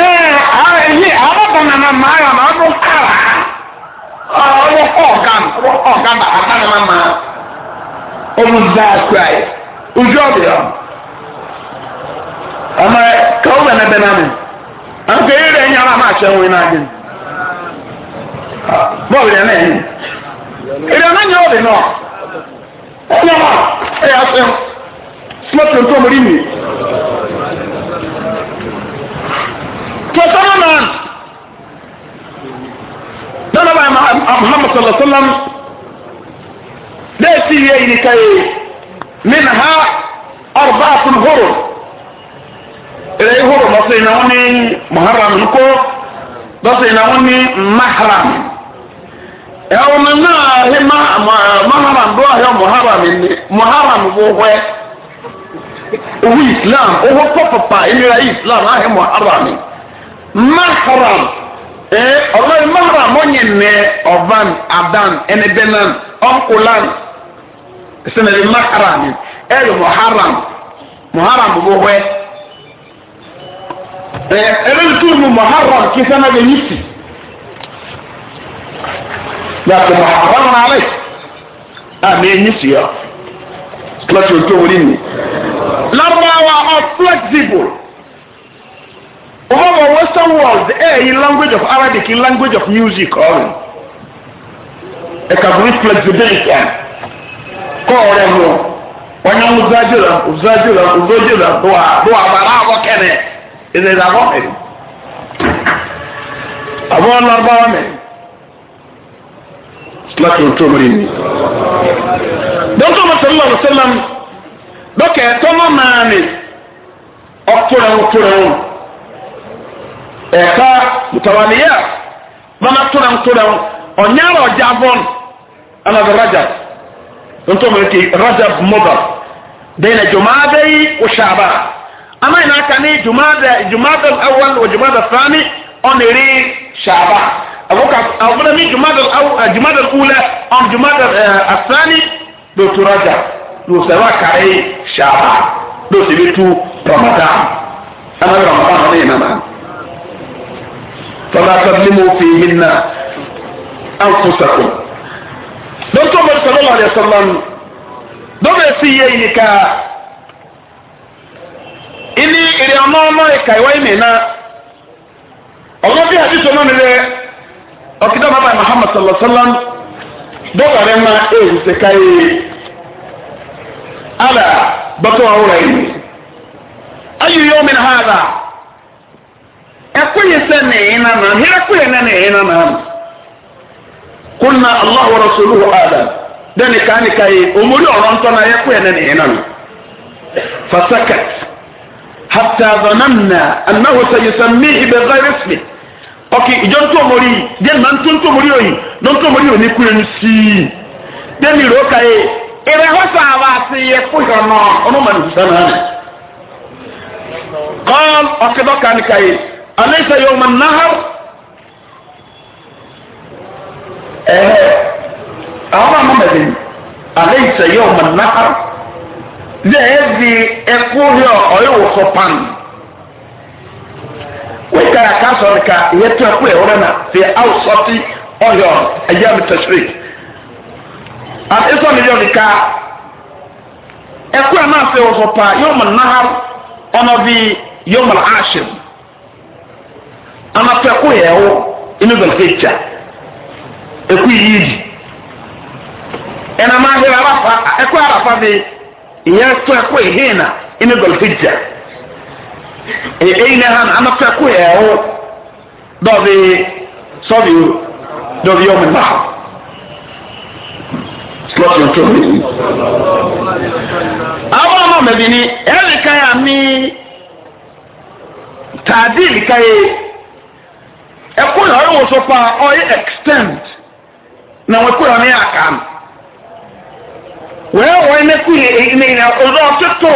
ẹ ọwọ ọkan ọwọ ọkan bá akan ma ma ọmọ zaa kura yi ojú ọbẹ yọ ọmọ ẹ kàwé bẹ n'ẹbẹ n'amẹ ànkà èyí rẹ nyàrá máa kyẹn wọn náà dín bọọlù yẹn náà yẹn èdè ọmọ nyẹ ọbẹ náà ọmọ wa ẹ yà sẹ smart control mo rí mi tọ́sọ́nà náà. dɔnna baa muhammad sallallahu alaihi wa sallam dɛɛ ti yɛ yini ka ye min ha arbaatun horo ɛrɛ yi horo dɔ sɛn na wɔn ni muharram nko dɔ sɛn na wɔn ni mahram ɛwɔ na naa he ma mahram do a yɛ muharram ni muharram bo hwɛ owu islam owu pɔpɔpa emira islam a yɛ muharram mahram. ee eh, ọlọ́run mmahara mọ́nyẹ nnẹ́ ọ̀van adan ẹni benan ọ̀nkulan sinadi makara ni ẹyọ muharam muharam bọ̀ hwẹ́ ee eh, ẹni mu muharam kisa náà bẹ yìí si yàtọ̀ muharam náà a mẹ yìí si yọ kílọ̀tì òtún wọlé mi lọ́wọ́ wa ọ̀ flexible. Over the Western world, the eh, air language of Arabic, in language of music, or a complete flexibility. Call them more. Wọ́n yẹn ọ̀zájúra ọ̀zájúra ọ̀zájúra bọ́à bọ́à bàrà àbọ̀ kẹ́nẹ̀ ẹ̀dẹ̀ ìdàbọ̀ mẹ́rin. Àbọ̀ ọlọ́rọ̀bá mẹ́rin. Sílátì ọ̀tọ́ mẹ́rin ni. Dọ́kítọ̀ Mùsùlùmí ọ̀sẹ̀ lọ́m dọ́kẹ̀ ẹ̀tọ́ mọ́ màá ni ọ̀pọ̀rẹ̀ ọ̀pọ̀rẹ̀ wọn ɛka mutawaliya mana tora ntora ɔnyara ɔjabɔn ana bɛ rajab ntoma ti rajab mɔba dɛnɛ jumaada yi o shaaba ana yina aka ni jumaada jumaada awal o jumaada fani ɔnere shaaba awo ka awo ni jumaada aw jumaada ula ɔn jumaada asani do tu rajab do sɛba kare shaaba do sibi tu ramadan ana bɛ ramadan ɔne yina na. فلا تظلموا في منا أنفسكم دكتور محمد صلى الله عليه وسلم dɔbɛ si yɛ yi ka ini iri ɔmɔ ɔmɔ yi ka iwa yi mi na ɔmɔ bi hadi sɔmɔ mi lɛ ɔkita baba muhammad sallallahu alaihi wa sallam dɔbɛ rɛ ma ewu se ka ye ala bato awura yi ayi yɔ mi na ha أكوية سنة إنما هي أكوية نانا إنما قلنا الله ورسوله آدم دني كان كاي أمولي أرانتنا يكوية نانا إنما فسكت حتى ظننا أنه سيسميه بغير اسمه ọkì ìjọ ntọ́ mọ́rí díẹ̀ máa ntọ́ ntọ́ mọ́rí òyìn ló ntọ́ mọ́rí òní kúrẹ́ ní síi dẹ́mi rò ká yé ìrẹ́ họ́sà àwa àti yẹ kú yọ̀ náà ọ̀nà màdùkú sáná. kọ́ ọ̀kẹ́dọ́ka ni ká yé. أليس يوم النهر إيه أما محمد أليس يوم النهر ذهبي أقول يا أيوه سبحان وكان كسرك يتقوى ولنا في أوسط أيام أيام التشريك الإسلام اليوم كا أقول ما في وسطا يوم النهر أنا في يوم العاشر anapɛko yɛ wo inu bɛ nfe kya eku yi yi ɛnam ahira arafa ɛko arafa bi ìyɛ ɛso ɛko ehina inu bɛ nfe eyi na ha anapɛko yɛ wo dɔbi sɔbi dɔbi yɔ mi ba mi. ya mi taadili ka ɛkó na ɔyɛ wosɔ pa ɔyɛ extent na wɔkó na ɔyɛ aka no wɔyɛ wɔyɛ n'ekó yɛ ne yɛ ɔdɔ ɔtoto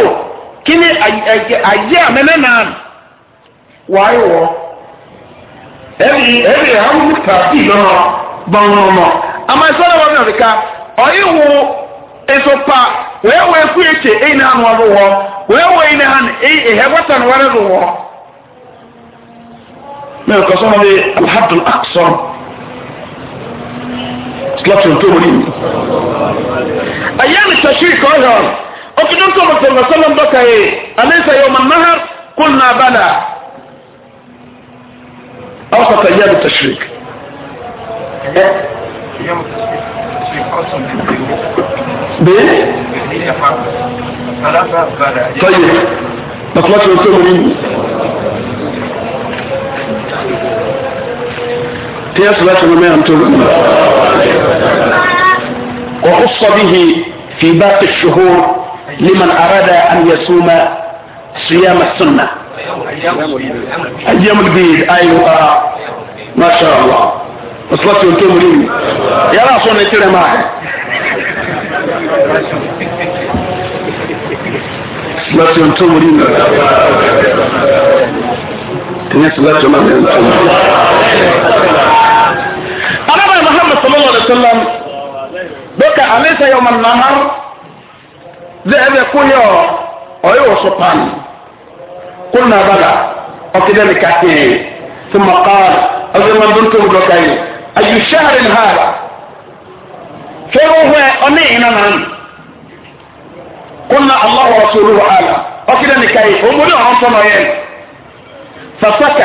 kini ayé a mɛmɛ nan wɔayɛ wɔ ɛbi ɛbi ahuhu taabi yɔnɔ bɔnɔnɔ ama sɔlɔ wɔn na ɔdeka ɔyɛ wo nso pa wɔyɛ wɔ ekó yɛ kye eyi na anu ɔdo wɔ wɔyɛ wɔ eyi na han eyi ehɛ bɔtɔ na wɔre do من القصمة دي الحد الأقصى اسلاكش انتوه ليه أيام التشريك أجهر أكد أنتم صلى الله عليه وسلم بك إيه أليس يوم النهر قلنا بلى أوسط أيام التشريك أيام التشريك التشريك أصلا بيه طيب ما اسلاكش انتوه ليه في صلاة المياه وخص به في باقي الشهور لمن أراد أن يصوم صيام السنة أيام البيض أيوة ما شاء الله وصلت يوم لي يا راس أنا كده معه صلت يوم لي تنسى لا تمام wasallam bẹ́ẹ̀ka alẹ́sẹ̀ yọ̀ọ́ máa nàmar dẹ́ẹ̀bẹ̀ kúnyọ̀ ọ̀yẹ́ wọ̀ sọ̀pán kúnnà bàgà ọ̀kìdẹ́ mi kàkẹ́ ثم قال أزل من دون تقول لك أي شهر هذا فهو هو أمين أنا قلنا الله ورسوله أعلم أكيد نكاي هم دون أنتم أين فسكت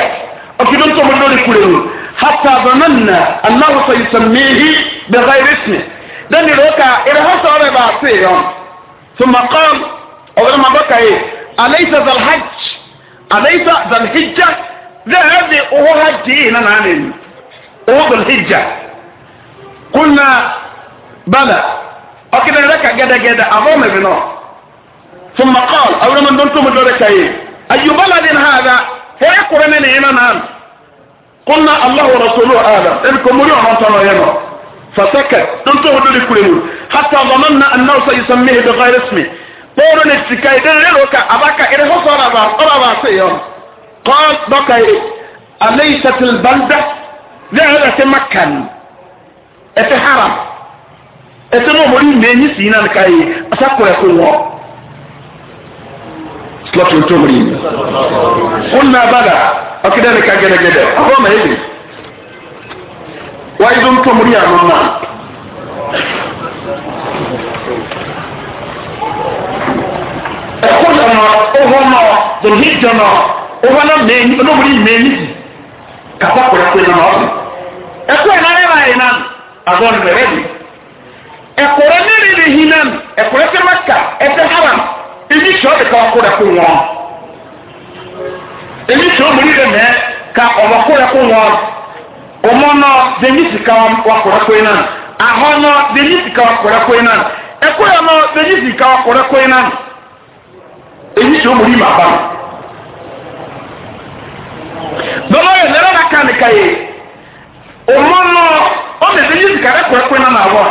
أكيد أنتم دون كلهم حتى ظننا أنه سيسميه بغير اسمه دني اللي لوكا إلى هسه أنا بعطيهم ثم قال أول ما بكى إيه أليس ذا الحج أليس ذا الحجة ذا هذه هو حج إيه أنا عنين نعم. هو ذا الحجة قلنا بلى أكيد لك جدا جدا أظن بنا ثم قال أول ما دمتم لك إيه أي بلد هذا هي قرنين هنا نعم قلنا الله ورسوله اعلم انكم مريون انت راينا فسكت انتم هدول كلهم حتى ظننا انه سيسميه بغير اسمه بورو نتسكاي دل لوكا اباكا الى حصر ابا ابا سيون قال بكاي اليست البلده إتي حرم إتي اتنو مريم ميني سينا كاي الله سلطة صلاه مريم قلنا بلى akida ne ka gɛdɛgɛdɛ afɔ ma ebi wa idun tomori a nun na ɛkó yɔnɔ ɔwɔ nɔ dɔnni jɔnɔ ɔwɔ nɔ mɛni ɔnɔbili mɛni ti kaba kura kpe nɔ ɔfi ɛkó yɛ n'ayɛ la yɛ nan azɔn bɛrɛ bi ɛkórɛ ne de bi hi nan ɛkórɛ tɛ ma ka ɛtɛ haram ebi sɔ de ka ɔkó dɛ ko wɔn. èmi tí ó múlí mẹ́ ka ọ̀wọ́kúrẹ́ kó wọn ọmọ náà bẹ́ẹ̀ni sìkà wakọ̀rẹ́ kó iná ahọ́ náà bẹ́ẹ̀ni sìkà wakọ̀rẹ́ kó iná ẹ̀kọ́ yẹn náà bẹ́ẹ̀ni sìkà wakọ̀rẹ́ kó iná èmi tí ó mi. dọ́lọ́ náà ká nìka ọmọ náà kó náà wọ̀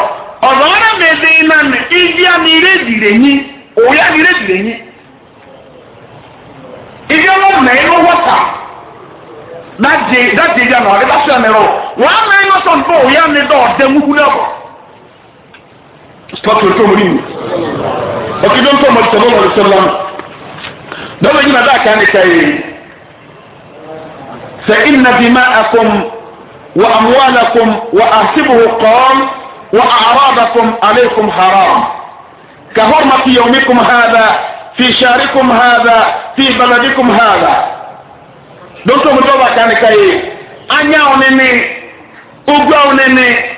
ọ̀dọ́ ìdí ọlọ́run náà inú wọ́tà dájì dájì ìdí àná àdébá sọ ẹ̀mẹ̀rọ wọ́n á mẹ́rin lọ́sọ̀ nípa òye àmì dọ̀ ọ̀dẹ́ múkú náà bọ̀. stọọkì tó múlí mi òkè tó ń tó mọ̀tò tó mọ̀tò sọ́lá mi dọ́wọ́ yìí màdá yìí sẹ́ ìnà bí má akọ́m wà àmúwálàkọ́m wà àṣìbùhù kọ́ọ́m wà àrọ́bàkọ́m àlẹ́kùm haram kàhọ́rmàkì yọ̀míkùm hàdà في شهركم هذا في بلدكم هذا دكتور مجوبا كان كاي انيا اونني اوغوا اونني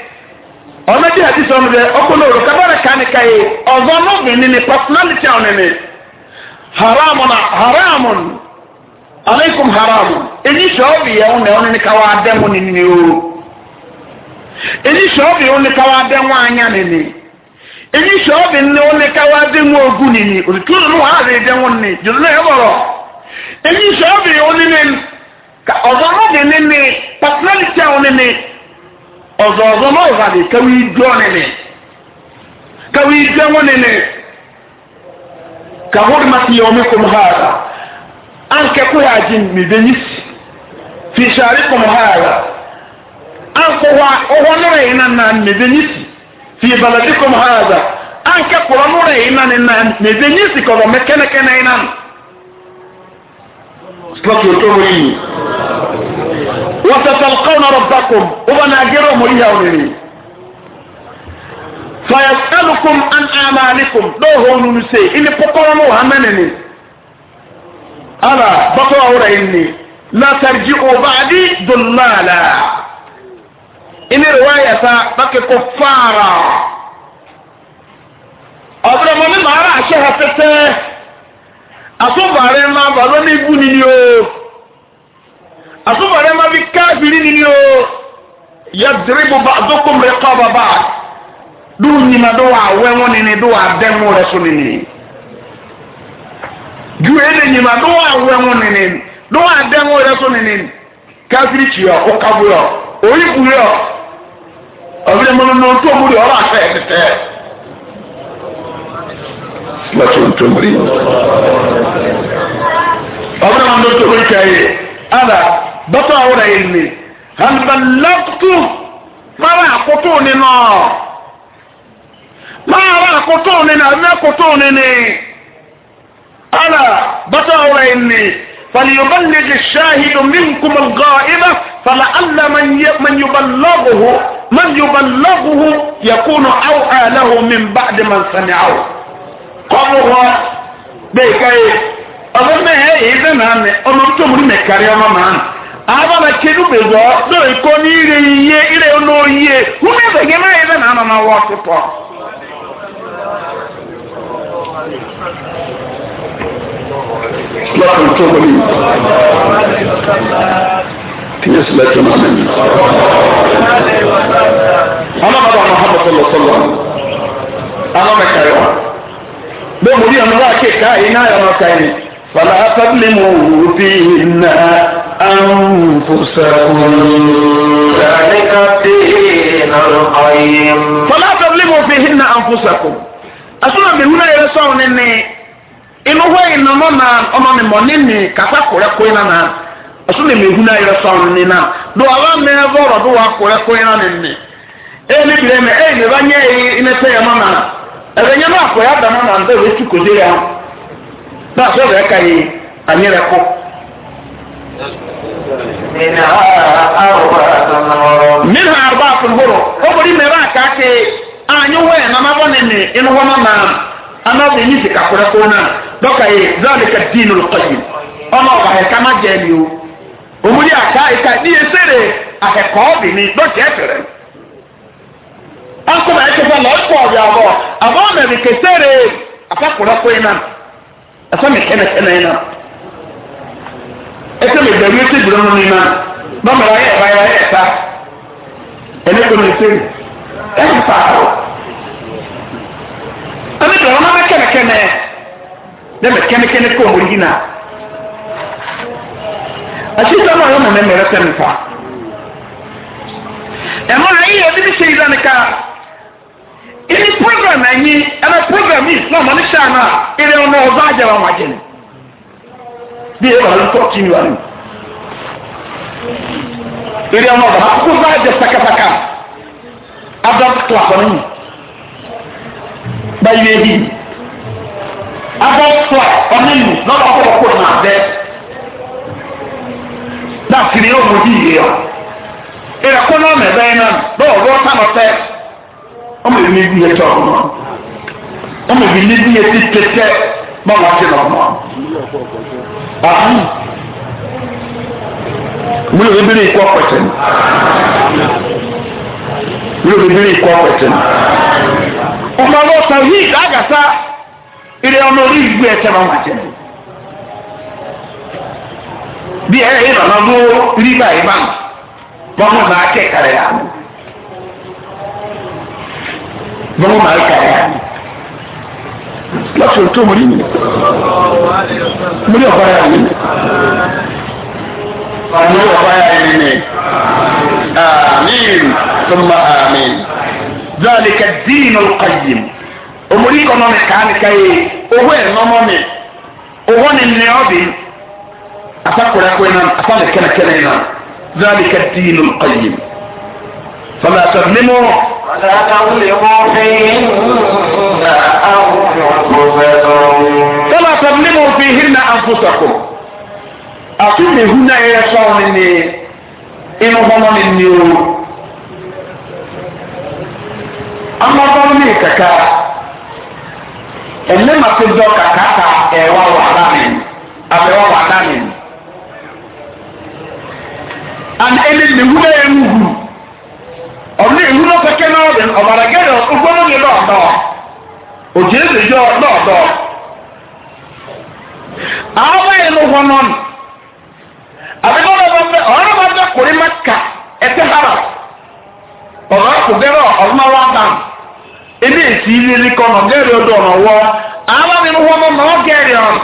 ọmọdé àti sọmọdé ọkùnrin òrò kábàrà kánìkà yìí ọzọ ọmọbìnrin ní pọsinálítì àwọn ẹni haramu na haramu aleikum haramu èyí sọọbì yẹn wọn ẹwọn ní káwá dẹmu nínú o eyi sɛ ɔbi ne wɔn mu ogu ne ni otutu de ne ne eyi ka de ne ne a wɔn ne ɔzɔzɔ ma ɔza de kawi dɔ ne ne kawi dɔ wɔn ne ne ka ma ti yɛ wɔn kɔm ha ara ankɛ ko yɛ agye ne de nyi si fi sari kɔm ha ara في بلدكم هذا أنك قرنور إيمان إنهم مدنيسي كذا مكان كان إنهم صلاة يتومي وستلقون ربكم وبنا أجرهم إياهم فيسألكم عن أعمالكم لو هو نسي إني بقرنوا همنني أنا بقرنوا إني لا ترجعوا بعدي ضلالا imi riwaya ta baki kuffara ọ̀bẹ̀rẹ̀ mọ́ mi máa rà ṣe ha tẹ́tẹ́ asúbàárẹ̀ máa bà lọ́nà ibú nìyí o bụ máa bí káàbìrì nìyí o yẹ dìrì bùbá àdókò mìíràn kọ́ bàbá dùn nyina dùn àwẹ̀ wọn nìyí dùn àdẹ́mu rẹ̀ sọ ju nyina yi bu ọ̀bílẹ̀ mọ́nà ní ojú òmùrí ọ̀rọ̀ àṣẹ ẹ̀kẹ́tẹ́ lọ́tún ojú òmùrí ọ̀bílẹ̀ mọ́nà ní ojú òmùrí kẹ́yẹ ara bọ́tọ̀ àwòrán yìí ni hàlùbẹ̀lẹ́tù máa rà àkótó ni náà máa rà àkótó ni náà ẹ̀mí àkótó ni ni ara bọ́tọ̀ àwòrán yìí ni fàlìyàn bá lè ṣe ṣáàhìdùn mí nkùmọ̀ gọ́ ibà. فلعل من من يبلغه من يبلغه يكون أوعى له من بعد من سمعه قوله بيكاي أظن هي إذا نعم أمم تمر مكاري أمام أنا أبا ما كيلو بيزا لو يكون يري يري أنو يري هم يبغي ما إذا نعم أنا واقف لا تقولي الاسلام امين انا بابا محمد صلى الله عليه وسلم انا مكاروا بو مولي انا راكي كاي نا يا مكاي فلا تظلموا فيهن انفسكم ذلك الدين القيم فلا تظلموا فيهن انفسكم asọ́nà mi wúlò yẹn sọ̀rọ̀ nínú inú hó iná mọ́ na ọmọ mi mọ́ nínú kásákòrẹ́kọ́ iná náà. ɛso na mehu na ayerɛ sɔn ne na do aba mɛ bɔrɔ do wa kɔɛ kɔɛ na ne ne ɛyɛ ne bire mɛ ɛyɛ ne ba ne pɛ yɛ ma na ɛbɛ nyɛ ma kɔɛ ada ma na ntɛ o kode ya na sɔ bɛ ka yi anyerɛ kɔ. minha arbaatu horo obodi mɛ ba kaa ke anyo wɛ na ma bɔ ne ne inu hɔ ma na ana bɛ yi sika kɔɛ kɔɛ na dɔ ka yi zan de ka diinu ɔba yɛ kama jɛ o omuli aka ika ni esere akẹkọọ bi ni lọjẹ ẹfẹrẹ akọba ẹkẹfẹ lọkọ ọbi abọ abọ mẹbi kesere afakọlọkọ yẹn nam ẹfẹ mi kẹnẹkẹnẹ yẹn nam ẹsẹ mi gbẹmí ẹsẹ gbẹmí ọmọ yẹn nam bọmọlá yẹ ẹba yẹ ẹta ẹni gbẹmí ẹsẹri ẹni paaro ẹni gbẹmí ọmọ mi kẹnẹkẹnẹ ẹni mi kẹnẹkẹnẹ kọ omuli yìí náà ahyɛnso e no a yɛ mo mɛmɛrɛ sɛ nipa ɛmo a yɛ yɛde ne hyɛ yi dani ka ɛni program anyi ɛna program yi na ɔmo ne hyɛ ano a ɛdi ɔmo ɔdɔ agya wɔn agye no bi ɛwɔ ɔmo tɔ ti nua no ɛdi ɔmo ɔdɔ akoko ɔdɔ agya sakasaka adam klapa no mu bayi ebi adam klapa ɔmo mu na ɔmo akɔ na adɛ dakiri yɛ ɔmɔdi yie a ɛrɛ kɔnɔ mɛ bɛyɛ nan bɛɛ ɔbɔ tama pɛ ɔmɔ ebi ne bi yɛ tɛ ɔmɔ ɔmɔ ebi ne bi yɛ ti tɛtɛ ma ma ti na ɔmɔ ahu wúlò bíbélì kọ́ pẹ̀tẹ́ ní wúlò bíbélì kọ́ pẹ̀tẹ́ ní ọmọ ọlọ́sàn yìí dàgàtà ìrẹ̀ ọmọ orí ìgbé ẹ̀tẹ̀ máa wà jẹ́ bí ẹ yìí bàbá bó rí báyìí bá bọ́mọ̀ máa kẹ́ kárẹ̀ yà bọ́mọ̀ máa kárẹ̀ yà lọ́sọ̀rọ̀ tó mọ̀rí mi mọ̀rí ọ̀bá yà mí mọ̀rí ọ̀bá yà mí ni amiin tuma amiin zaalika diinu qayyim omori kɔnɔ mi kaa mi ka ye owó ẹ̀ nɔmɔ mi owó ni nìyɔ bi. أتقول أكوينا أصلي كان كنا ذلك الدين القيم فلا تظلموا ولا تظلموا فيهن أنفسكم فلا تظلموا فيهن أنفسكم أقول هنا يا مني إن هم مني أما ظلمي كاكا إنما تبدو كاكا إيوا وعدامين أبي وعدامين and ended the woman in Mugu. Of the Mugu of the Canal, of Aragano, of one of the Lord Dog. Or Jesus, your Lord Dog. Awa eno wanon. Abego na bambe ọrụ bambe kuri maka ete hara. Ọrụ akụgere ọrụma wada. Ebe esi ihe nrikọ na ọgere na ọwụwa. Awa eno wanon na ọgere ọrụ.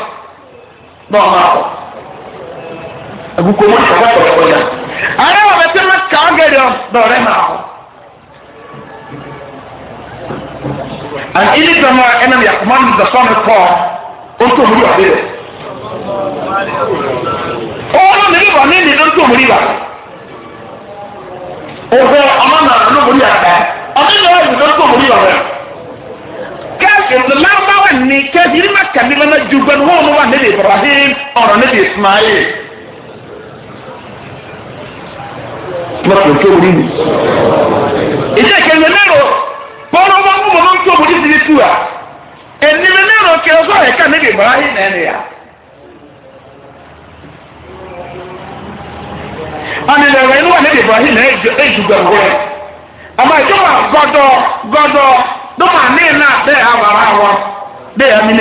N'ọma ahụ. Agụkọ mmadụ ọgba tọrọ ọrụ ya. ara wà bẹ tẹ́lẹ̀ kàá gẹ̀rẹ̀ ọ̀rẹ́ mà áwọ̀. and ilé tẹ̀mọ ẹnam yà kọ́mọ́ ní dọ̀sọ́nù kọ́ ó tó múlí ọ̀dẹ́ rẹ̀. ọ̀rọ̀ mi bọ̀ ní nìyẹn tó múlí wa. òfò ọmọ náà ló múlí àgbà ọdún náà yìí tó múlí ọ̀rẹ́. kẹ́sì lọ́wọ́ ní kẹ́sì ní ma kàdé lọ́nà ju gbẹ́nu wọ́n mú wa níbi ibrahim ọ̀rọ̀ níbi ismail. lọ́pọ̀ tó wuli mi. ìṣe kẹlẹ mẹ́rọ kpọrọ wọn mú mọ́mọ́ tó wuli a ẹni mẹ́rọ kẹlẹ sọ ẹ̀ka níbi mọ́ ayé na ẹni yà. àmì lẹ́rọ inú wà níbi mọ́ na nà ẹ̀jùgbẹ̀ ìjọba gọdọ iná àmì yẹ ọgọdọ. ẹnna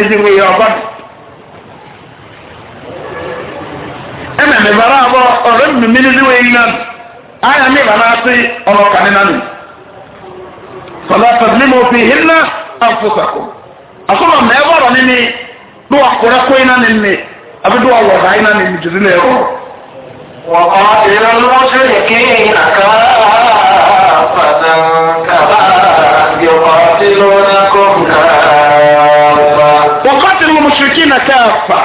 yẹ aya mi ma naa ti ọlọka ni nanu sọlọpẹ mímu fi hinna afusako asọlọ mẹ ẹwọrọ nini ni wa kọrẹ kọ iná nini àbí ni wa wọra iná nini jìdí ní ẹrọ. wọ́n ti lọ lọ́sọ̀ yẹ kí àká fàtà kàbá yọ̀kọ̀ tí lọ́nà kọ́ fún kàá fà. wọ́n kọ́ ti lọ́ mọ̀ṣẹ́kì náà kàá fà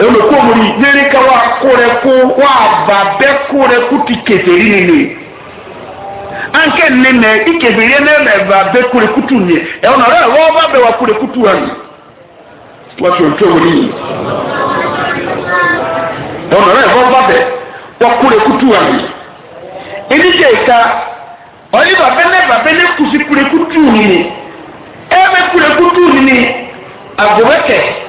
ɛwɔ kó mu yi yéli ka wa kórɛ kó wa ba bɛ kórɛ kó ti kefeli ni ne anke ne mɛ i kefeli ne mɛ ba bɛ kórɛ kó tu ne ɛwɔ na ɔlɛ wɔn ba bɛ wa kórɛ kó tu wa ne wa tó tó wuli yi ɛwɔ na ɔlɛ wɔn ba bɛ wa kórɛ kó tu wa ne ɛdi tɛ ka ɔyi ba bɛ ne ba bɛ ne kusi kórɛ kó tu ne ɛmɛ kórɛ kó tu ne agbɔbɛ kɛ.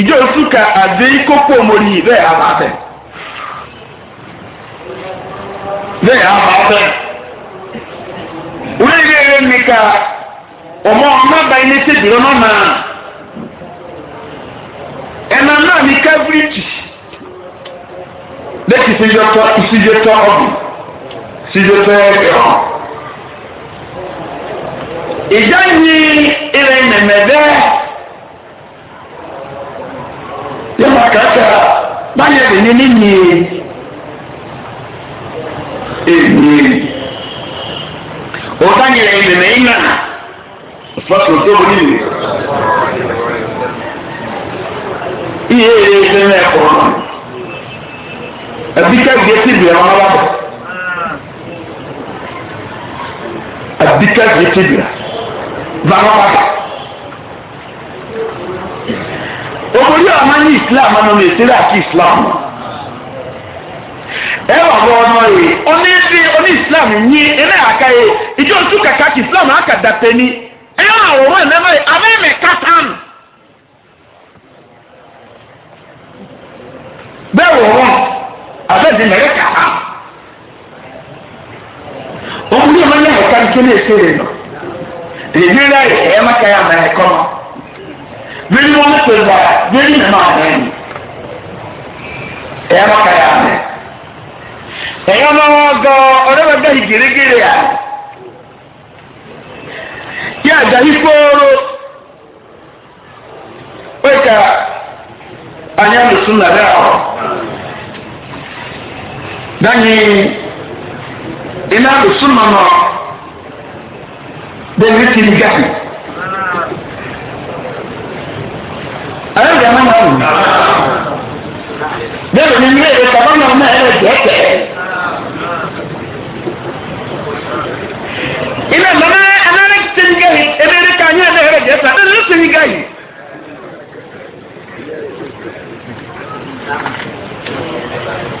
ìjọ òsùkà àdé kókó omori yìí bẹ́ẹ̀ àbá bẹ́ẹ̀ bẹ́ẹ̀ àbá bẹ́ẹ̀ wíìrì rẹ̀ nìka ọmọ ọmọ abayé ní ti dùrọ̀ náà náà ẹ̀nà náà ní káfíríkì lẹ́kì síjọ́tọ́ síjọ́tọ́ ọ̀gbìn síjọ́tọ́ ẹ̀gbẹ́ ọ̀ ìjà yìí ilẹ̀ ìnẹ̀mẹ̀ bẹ́ẹ̀ yàrá kàkà báyọ̀ bìíní nínú èmi ọ̀tá nyẹ̀rẹ̀ ìbẹ̀mẹ̀ iná fọ́tò tó wọ́n nínú iye èrè ìbẹ̀mẹ̀ ẹ̀kọ́ àbí kẹ́gbẹ́ sí ìbẹ̀rẹ̀ wọn wá bọ̀ àbí kẹ́gbẹ́ sí ìbẹ̀rẹ̀ wọn wá bọ̀. obodi a ma islam anọ na-esere aka islam ẹwà bọ ọmọ yìí ọní islam nyi ẹnẹ e aka yìí ìjọ oṣù kàkà kí islam àkà dàtẹni ẹyọ àwòrán ẹnẹ náà yìí abẹ́ẹ̀mẹ̀ kàtàn. bẹ́ẹ̀ wọ̀ wọ́n abẹ́ẹ̀dì mẹ́rẹ́ kàtà. ọmọdé ọmọ ẹ̀ka èyí ẹ̀ ẹ̀ mẹ́ka kọ́ bẹ́ẹ̀ni wọn pè wá bẹ́ẹ̀ni mẹ́ma àmẹ́ni ẹ̀yà má kàyà àmẹ́ ẹ̀yà má wọn gọ ọ̀rẹ́bẹ̀ bẹ́ẹ̀ gírígírí à yà àjà yí kóró wọ́n kà ányá mi sún nàdá ọ̀ dányé iná mi sún mọ́nà bẹ́ẹ̀ mi ti ní gàdí. ara ìyá máa wù mí. bẹ́ẹ̀ ni mi lè kọ́ bọ́nà ọmọ ẹ̀rọ ìjẹ́kẹ̀. ilé mọ́nà anáre tẹ̀yìn gáyì ebèrè ká ní ẹ̀rọ ìjẹ́kẹ̀ anáre tẹ̀yìn gáyì.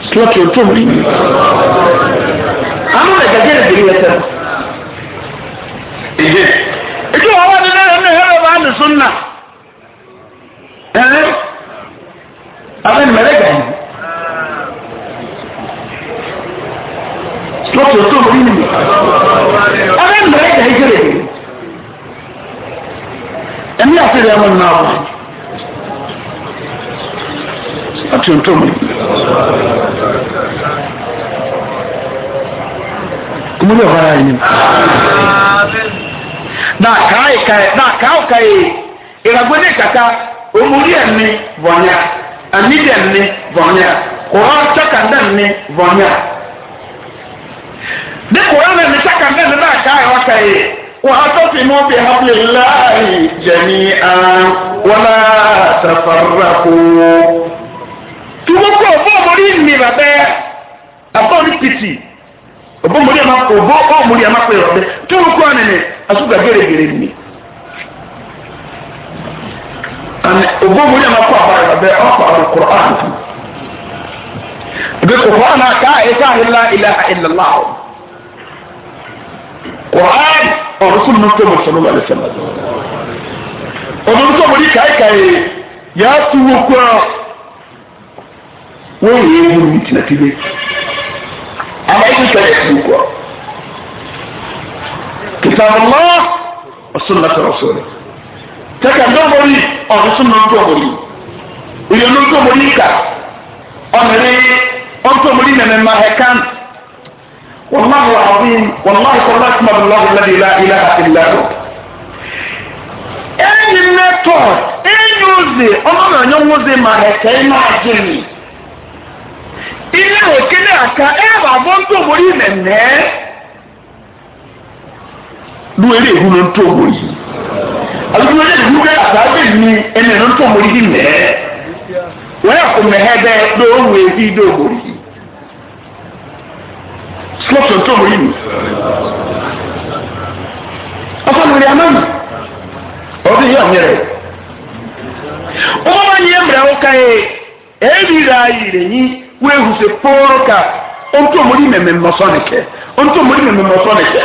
slọ́kì òtún mi. àwọn ọ̀rẹ́ gàgé rẹ̀ bèrè yẹtẹ̀. ìjẹ́ ìjọ àwọn ọ̀rẹ́ náà ẹ̀rọ ìjẹ́kẹ̀ bá a nì ẹ̀rẹ́ abẹ́ni mẹ́rẹ́gà yìí lọ́tọ̀ tó bí nìyí abẹ́ni mẹ́rẹ́gà yìí kéré ẹ̀mí àti rẹ̀ wọn náà wọ̀ lọ́tọ̀ tó bí kúmúlẹ̀ ọ̀hárá yìí náà kàá ìkàyè ìràgbọ́n ní ìkàkà. omuri ɛmi vɔnya amidi ɛmi vɔnya koran sakanda ɛmi vɔnya ne koran ɛmi sakanda ɛmi baa kaa ɛwɔ ka yi wàtọ́símú bí hablillahi jẹ̀mí'an wọlá tafarraku. tubukọ bọ́ọ̀mùrí mi bàbẹ́ abọ́ọ̀lù pìtì bọ́ọ̀mùrí ẹ̀ máa kó bọ́ọ̀mùrí ẹ̀ máa kó ana obo mu yɛn akɔ abaa yɛ bɛ ɔkɔ abo kur'an ebi kur'an a kaa ɛka ahila ilaha illallah kur'an ɔrɔsɔ mu tɛ mu sɔlɔ wale sɛlɛ ɔrɔsɔ mu di kae kae yaasi wo kura wɔn yɛ mu ni tina e e, ti bi ama ebi sɛ yaasi wo kura kitabu allah wa sunnata rasulihi. tẹ̀ka ndọ́mọ̀rí ọ̀dùnsún ní ndọ́mọ̀rí ìyẹn ní ndọ́mọ̀rí kà ọ̀nàrí ọ̀ntọ́mọ̀rí mere mẹ́ma ẹ̀kan wàlláhu alazim wàlláhu sọlá kuma bìláhu lẹ́bi ilá ilá ilá lọ. enyi nẹ́tọ̀ ẹ̀yin ọ̀zẹ̀ ọ̀nàmọ̀nyẹ́ wọ́zẹ̀ ma ẹ̀kẹ́ iná àjẹ́ mi ilé òkèlè àká ẹ̀ bà bọ́ ndọ́mọ̀rí mẹ́mẹ́ lu eré ìhun ní ndọ́mọ̀rí. alùpùpù yẹn dùn bẹ́ẹ̀ àtàwọn ẹ̀mí ẹ̀mí ẹ̀nà tó mọ̀rí yìí mẹ́ wọ́n yà kó mẹ́hẹ́ bẹ́ẹ̀ ló ń wé sí ìdó mọ̀rí yìí slọ́ọ̀tù tó mọ̀rí yìí ọkọ lórí amánu ọdún yìí ọ̀nyẹ́ rẹ̀ wọ́n máa ń yẹ mìíràn ó yẹ èyí rà yìí rẹ̀ yín wọ́n ehùsẹ̀ pọ́ọ́rọ́ ká ohun tó mọ̀rí mẹ́mẹ́ mọ́sán nìkẹ́ ohun tó mọ̀rí mẹ́mẹ́ mọ́sán nìkẹ́.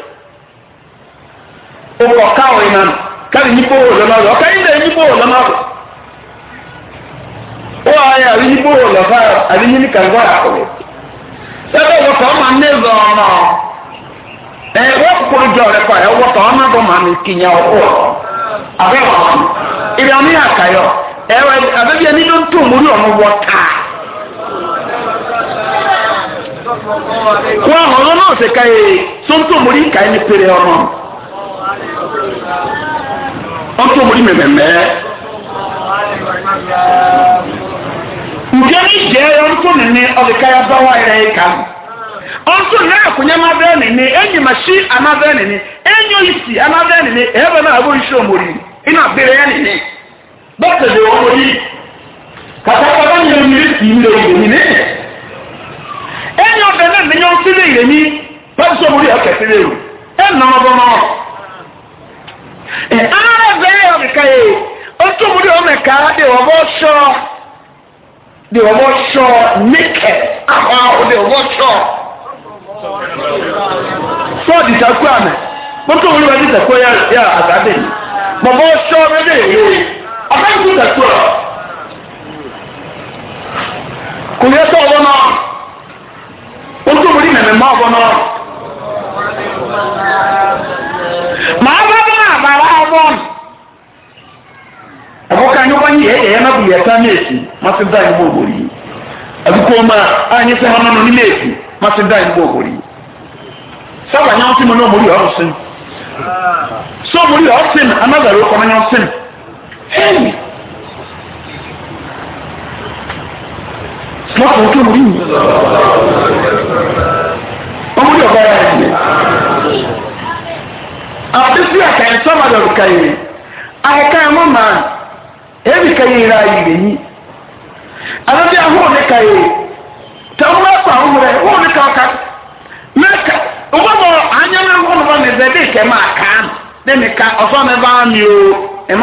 ọkọ̀ káwọn iná nù káàdì yípo òlọ́nà rẹ̀ ọ̀kẹ́ yín lè yípo òlọ́nà rẹ̀ ó ayé àbí yípo òlọ́fà àbí yín ní kàǹgbà àkọ́wé sẹ́dọ̀ wọ́tọ̀ ọmọ ní ẹ̀zọ̀ ọ̀nà ẹ̀ wọ́n kúkúrú jọ rẹ̀ pa ẹ̀ wọ́tọ̀ ọmọ bọ̀ mà mí kìnyà ọ̀kọ́ àbẹ̀wò ìrìn àmì àkàyọ̀ ẹ̀wẹ̀ àbẹ̀bí ẹni ló ń tó mórí ọ̀nà wọ́ táà wọ́n ọ̀rọ̀ náà ṣe ká ẹ̀ sọ́ńtò mórí ìkà ẹni péré ọ̀nà ọtọ mo ní mẹmẹmẹ. Nkemi jẹ ọtọ nini ọdika ya bawa ẹrẹ yi ka. Ọtọ nini akonya ma bẹ nini enyi ma si ama bẹ nini enyo isi ama bẹ nini ẹbẹ náà abo nsu omori ina bere ya nini. Bọ́tẹ̀ de omori kàtàkà bá nyere mi si mi lè yẹ nini. Enyi ọbẹ náà mi nyọ nsi lè yẹ mi bá nsu omori ọkẹ si lè yẹ. Ẹ nà ọbọ náà ɛɛvɛ yɔ keka ye ɔtɔmu de wɔn mɛka de wɔn bɔ de wɔn bɔ sɔ nekɛ ahɔ de wɔn bɔ sɔ sɔ disako amɛ ɔtɔmu de wɔn disako yɛ yɛ asade bɔn bɔ sɔ bɛ de yɛ ɔbɛ disako kò yẹ sọ ọwọ náà ɔtɔmu de mɛmɛ mọ ọwọ náà bọ́ọ̀n ọkọ kan yóò bá yẹ ẹyẹ náà bù yẹ ká ní èsì má ti dá ìbò òbòrì yìí àdúgbò máa á yẹ sẹ wọn nínú nílé èsì má ti dá ìbò òbòrì yìí sábà nyà ọsìn mu ní òmòrì ọrùn sin sọ òmòrì ọsìn anágbàrá ọkọ náà nyà ọsìn hẹ́ẹ̀mì sọ́kùn tó mú yìí ọmọdé ọ̀gá àtẹ́sí àkàyè sọ́mọ̀lọ̀ kàyè àkàyè mọ́mà èmi kàyè ra ìrè yìí àtẹ́sí àhóò ní kàyè tẹ̀wọ́n ẹ̀kọ́ àwọn rẹ̀ wọ́n ka kàwọ́ ká mẹ́ka ọgbọ́n bọ̀ anyẹ́wé wọ́n bọ̀ ní bẹ́ẹ̀ bí kẹ́ ka kàá nù bí mi ká ọ̀sọ́ mi bá mi o ka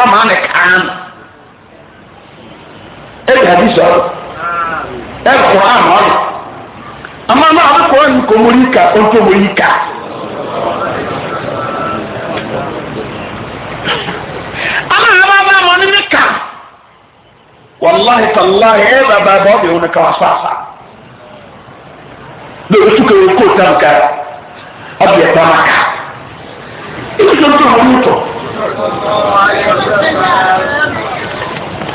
ama ha baba ma ɔne ne ka wallahi tallahi ɛ baba ba ɔbɛ wɔn ka wasa asa na otu ka wɔn koo tam ka ɔbɛ tam ka ebi sɛ ntɔ wɔn tɔ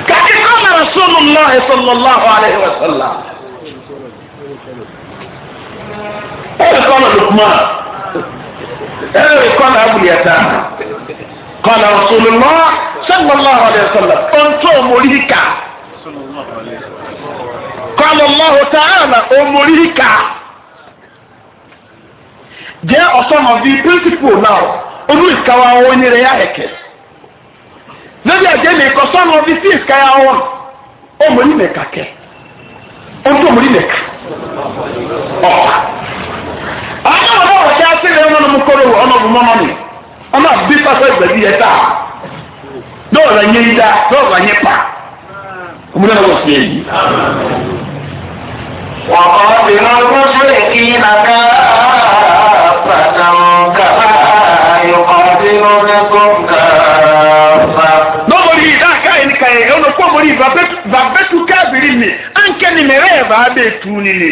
kake kama rasulillah sallallahu alaihi wa sallam ɛyɛ kɔnɔ lukman ɛyɛ kɔnɔ abuliyata. kọ́lá rasulillah sallallahu alayhi wa sallam ọ̀ntọ́ ọmọlíkà kọ́lá allahu ta'ala ọmọlíkà jẹ́ ọ̀sán of the principle now olú ìkàwá wọn ní rẹ̀ yá ẹ̀kẹ́ lórí ẹ̀jẹ̀ mi kọ́ sọ́nà of the things kàyà wọn ọmọlíkà kẹ́ ọ̀ntọ́ ọmọlíkà ọ̀pá àwọn ọ̀dọ́ ọ̀ṣẹ́ àti ìrẹ́ ọ̀nà ọmọkọ́rọ̀ ọ̀nà ọmọ mọ́mọ́ mi ọmọ àbí pàṣẹ ìgbàdí yẹn ta dọ́ọ̀lù ẹ̀yẹ yìí dá dọ́ọ̀lù ẹ̀yẹ pa ọmọdé náà wọ̀ sí ẹ̀yìn. wọ́n ti lọ fún ṣé kí nàka pàtàkùn kàfà ayọ̀kọ̀ tí ló ní gómìnà fà. lọ́wọ́rì yìí dáa káyọ̀ ní kàyẹ̀ ọ̀nà pọ́nmọ́rì bàbẹ́tù káàbìrì ni ànkẹ́ ni mẹ́rẹ́ bàá bẹ́ẹ̀ tu ni ni.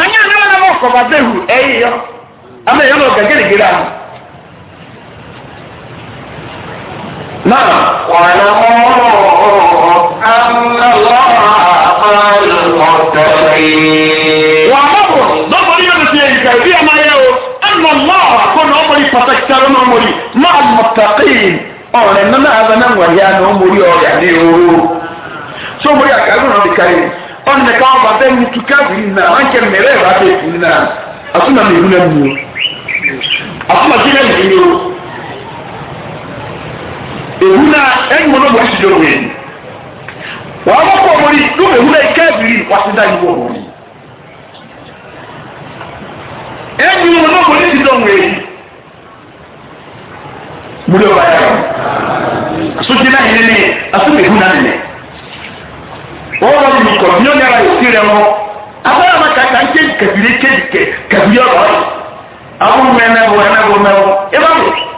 ànyẹ́ ní wọn náà wọ́n kọ̀ bàbẹ́hù ẹ̀yẹ yọ àmọ́ ìyọ́nà ọ̀gá gẹ́gẹ́ náà. wàhálà mọ́ àmàlà àmàlà ọ̀tẹ̀rẹ̀. wà á bọ̀ lọ́kọ̀ ní yóò ṣe ìgbà ìdí ẹ̀ máa yẹ o ẹnà lọ́ọ̀ àkọ́nà ọmọdé pàtàkì tẹ̀rọ náà mọ̀rí máa mọ̀tàkì ọ̀rẹ́ nínú àbẹ̀ náà wà yá náà mọ̀rí ọ̀rẹ́ àdé o. sọ mọ̀rí àkàrà náà lè kárí ọ̀nà káwọn bàbá ẹni tu káàbìrì náà wọ́n kẹ́ mẹ́rẹ́ ìbá ehuna enyi wọn wọ́n ti dọ̀ wẹ̀ ni wọ́n bá kọ́ wọlé lóbi ehuna kẹ́ẹ̀bìrì wọ́n ti dá yìí wọ̀ wọlé enyi wọn wọ́n ti dọ̀ wẹ̀ ni múlẹ̀ wọ́n ayé wọn asojì náà yẹn ni asojì ehuna nìyẹn wọ́n wọ́n mi kọ̀ ní ọ̀nyára yóò ti rẹ̀ wọ́n abẹ́rẹ́ àwọn kàkà ń ké kẹ̀bìrì kéèké kẹ̀bìrì ọ̀rọ̀ yìí àwọn mẹ́rin mẹ́rin mẹ́rin mẹ́rin ẹ bá mi.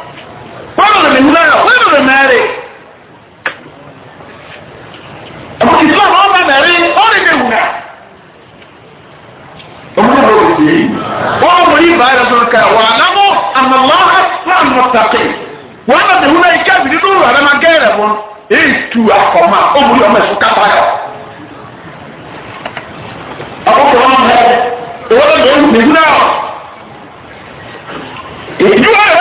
Bọ́ọ̀lù mi náà bọ́ọ̀lù mi mẹ́rin. Ẹ̀bùn ìsìlámù ọ̀nà mẹ́rin ọ̀nà ìdẹ̀wù náà. Ọmọdé bọ̀ wọ̀ sí yìí. Wọ́n mọ̀ ní ìbá ẹ̀rọ sọ̀rọ̀ ká wà lámú àmàlọ́hà náà mọ̀tàkì. Wọ́n náà dẹ̀wù náà ìka ìbìdí lóru àrẹ́ máa gẹ́rẹ̀ wọn. Èyí tu àkọ́mà ọmọdé ọmọ ẹ̀fọ́ kápá yọ. Àkọ́kọ́ wọn mẹ́rin. Ìwọ́n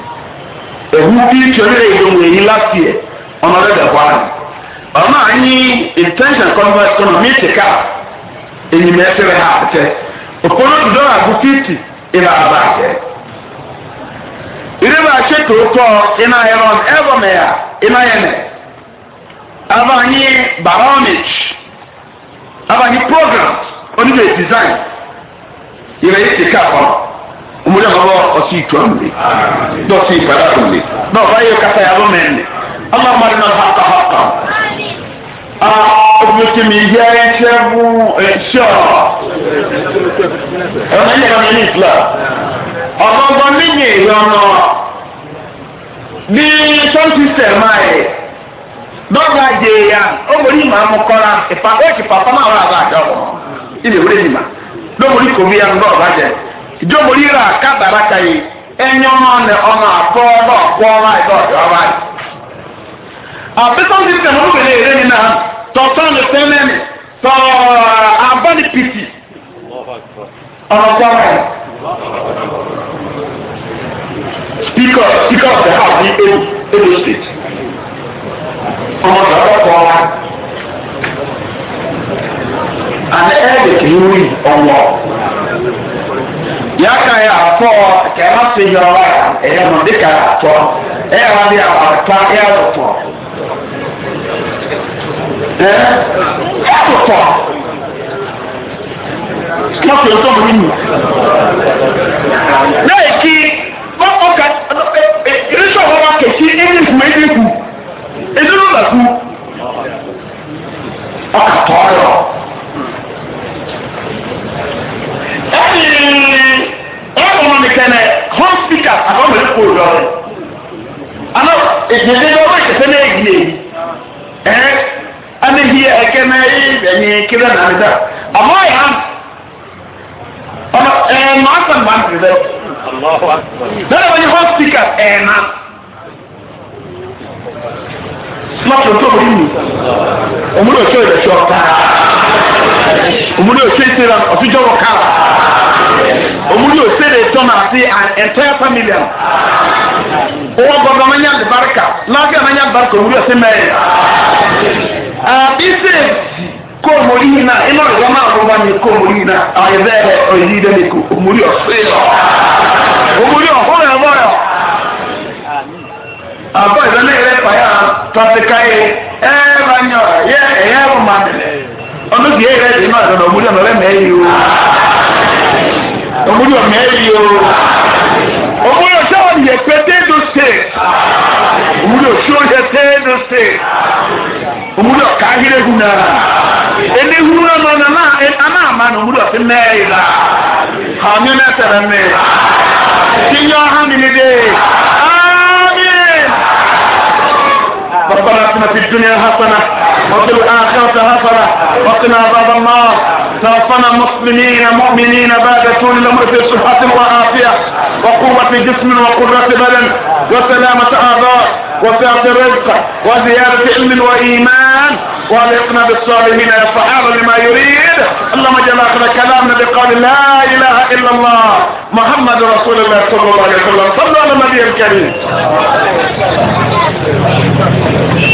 ehu bi twere de eyi last year ɔno ɔbɛ bɛ kwa ɔno anyi intention conference kono mi ti ka enyim ɛsere ha atɛ okoro dɔla gu fifty ɛna aba atɛ ìdíbò àṣẹ tòótọ́ iná ẹ̀rọ ẹ̀rọmẹ̀yà iná yẹnẹ abanyi baromic abanyi program oníbẹ̀ design ìrẹ̀yẹ ti ká kọ́ umuri amabɔ ɔsi itua mu de dɔsi ifada mu de na ɔba yɛ kasa yabɔ mɛ ne ama ama de na haka haka a obinrin mi yɛ ɛkyɛ mu ɛkyɛ ɛna yɛ ɛna mi fila ɔba ɔba mi nye yɔnɔ ni sɔn sistɛm ayɛ dɔgba dze ya omori ma mu kɔra ipa eki papa ma wɔ aba adɔ ilewure ni ma dɔgba ni kobi ya ŋdɔ ɔba ìjọmọ̀lìrà kábàbàkà yìí ẹ̀yọ́ ọ̀nà ọ̀nà àpọ̀ ọ̀nà ọ̀pọ̀ ọ̀nà ìdọ̀ ọ̀dọ̀ ọ̀bá yìí. àbísọ́n ti tẹ̀ wọ́n èrè nínú àná tọ̀sán lè tọ́ abáni pìtì ọ̀nàkọ́rọ̀ speaker speaker of the house ní edo state ọmọdé ọ̀pọ̀ ọ̀nà àti ẹ̀ẹ́dẹ̀kì ní wíì ọ̀wọ́ yaka yɛ atɔ kɛmɛ se yɔrɔ la ɛyɛ no de ka atɔ ɛyɛ wa de ata ɛyɛ atɔ ɛɛ atɔ mo fi ɔtɔ mo nimu náà eki mo ɔka ɛ irisɔ wɔn akɛse ɛyɛ ku ɛyɛ ku ɛdunu la ku ɔka tɔ yɔ ɛyɛ kɛnɛ hɔnpika a ka mɛlɛ k'o dɔn ana ìdílé lọ́wọ́ ìkẹsẹ́ náà yìí ɛɛ ɛni hi ɛkɛnɛ yi ɛni kiri ɛnani dɛ àmọ́ yà á ɔmɔ ɛɛ màá sàn màá ti dɛ bẹ́ẹ̀ wọ́n ní hɔnpika ɛɛna lọ́pọ̀ tó wọ́n yìí òmùdó òṣèlú ẹ̀ṣọ́ káà òmùdó òṣèlú ẹ̀ṣọ́ káà omuli osede tɔn ase an entire family am owó gbɔdɔ ma nya barika lafiya ma nya barika omuli ose mɛ ise kóòmòlì yìí náà iná ìwọ máa bọ bá mi kóòmòlì yìí náà àyè bẹ́ẹ̀ rẹ òyìn yìí dẹ́ni kò omuli ose yọ omuli ọ̀hún ẹ̀ bọ̀ yọ àbọ̀ ìdáná yẹrẹ pàyà tọ́síkà yìí ẹ̀ ẹ̀ bá nyọ̀ yẹ ẹ̀yẹ́ ẹ̀ bọ̀ máa mi lẹ̀ ọdún kìí yẹrẹ dì náà ìdáná omuli ọ̀nà rẹ̀ mẹ́ẹ̀ẹ́ o omuli omeeyo omuli okyawaliyekwe tenduse omuli okyolya tenduse omuli okangire huna enehuna mana anaamana omuli otemeera hamye metereme kinyohaminide ربنا اتنا في الدنيا حسنه وفي الاخره حسنه وقنا عذاب النار توفنا مسلمين مؤمنين بعد طول الامر في صحه وعافيه وقوه جسم وقره بدن وسلامه اعضاء وسعه رزق وزياده علم وايمان والحقنا بالصالحين يا فعال لما يريد اللهم اجعل اخر كلامنا بقول لا اله الا الله محمد رسول الله صلى الله عليه وسلم صلى على النبي الكريم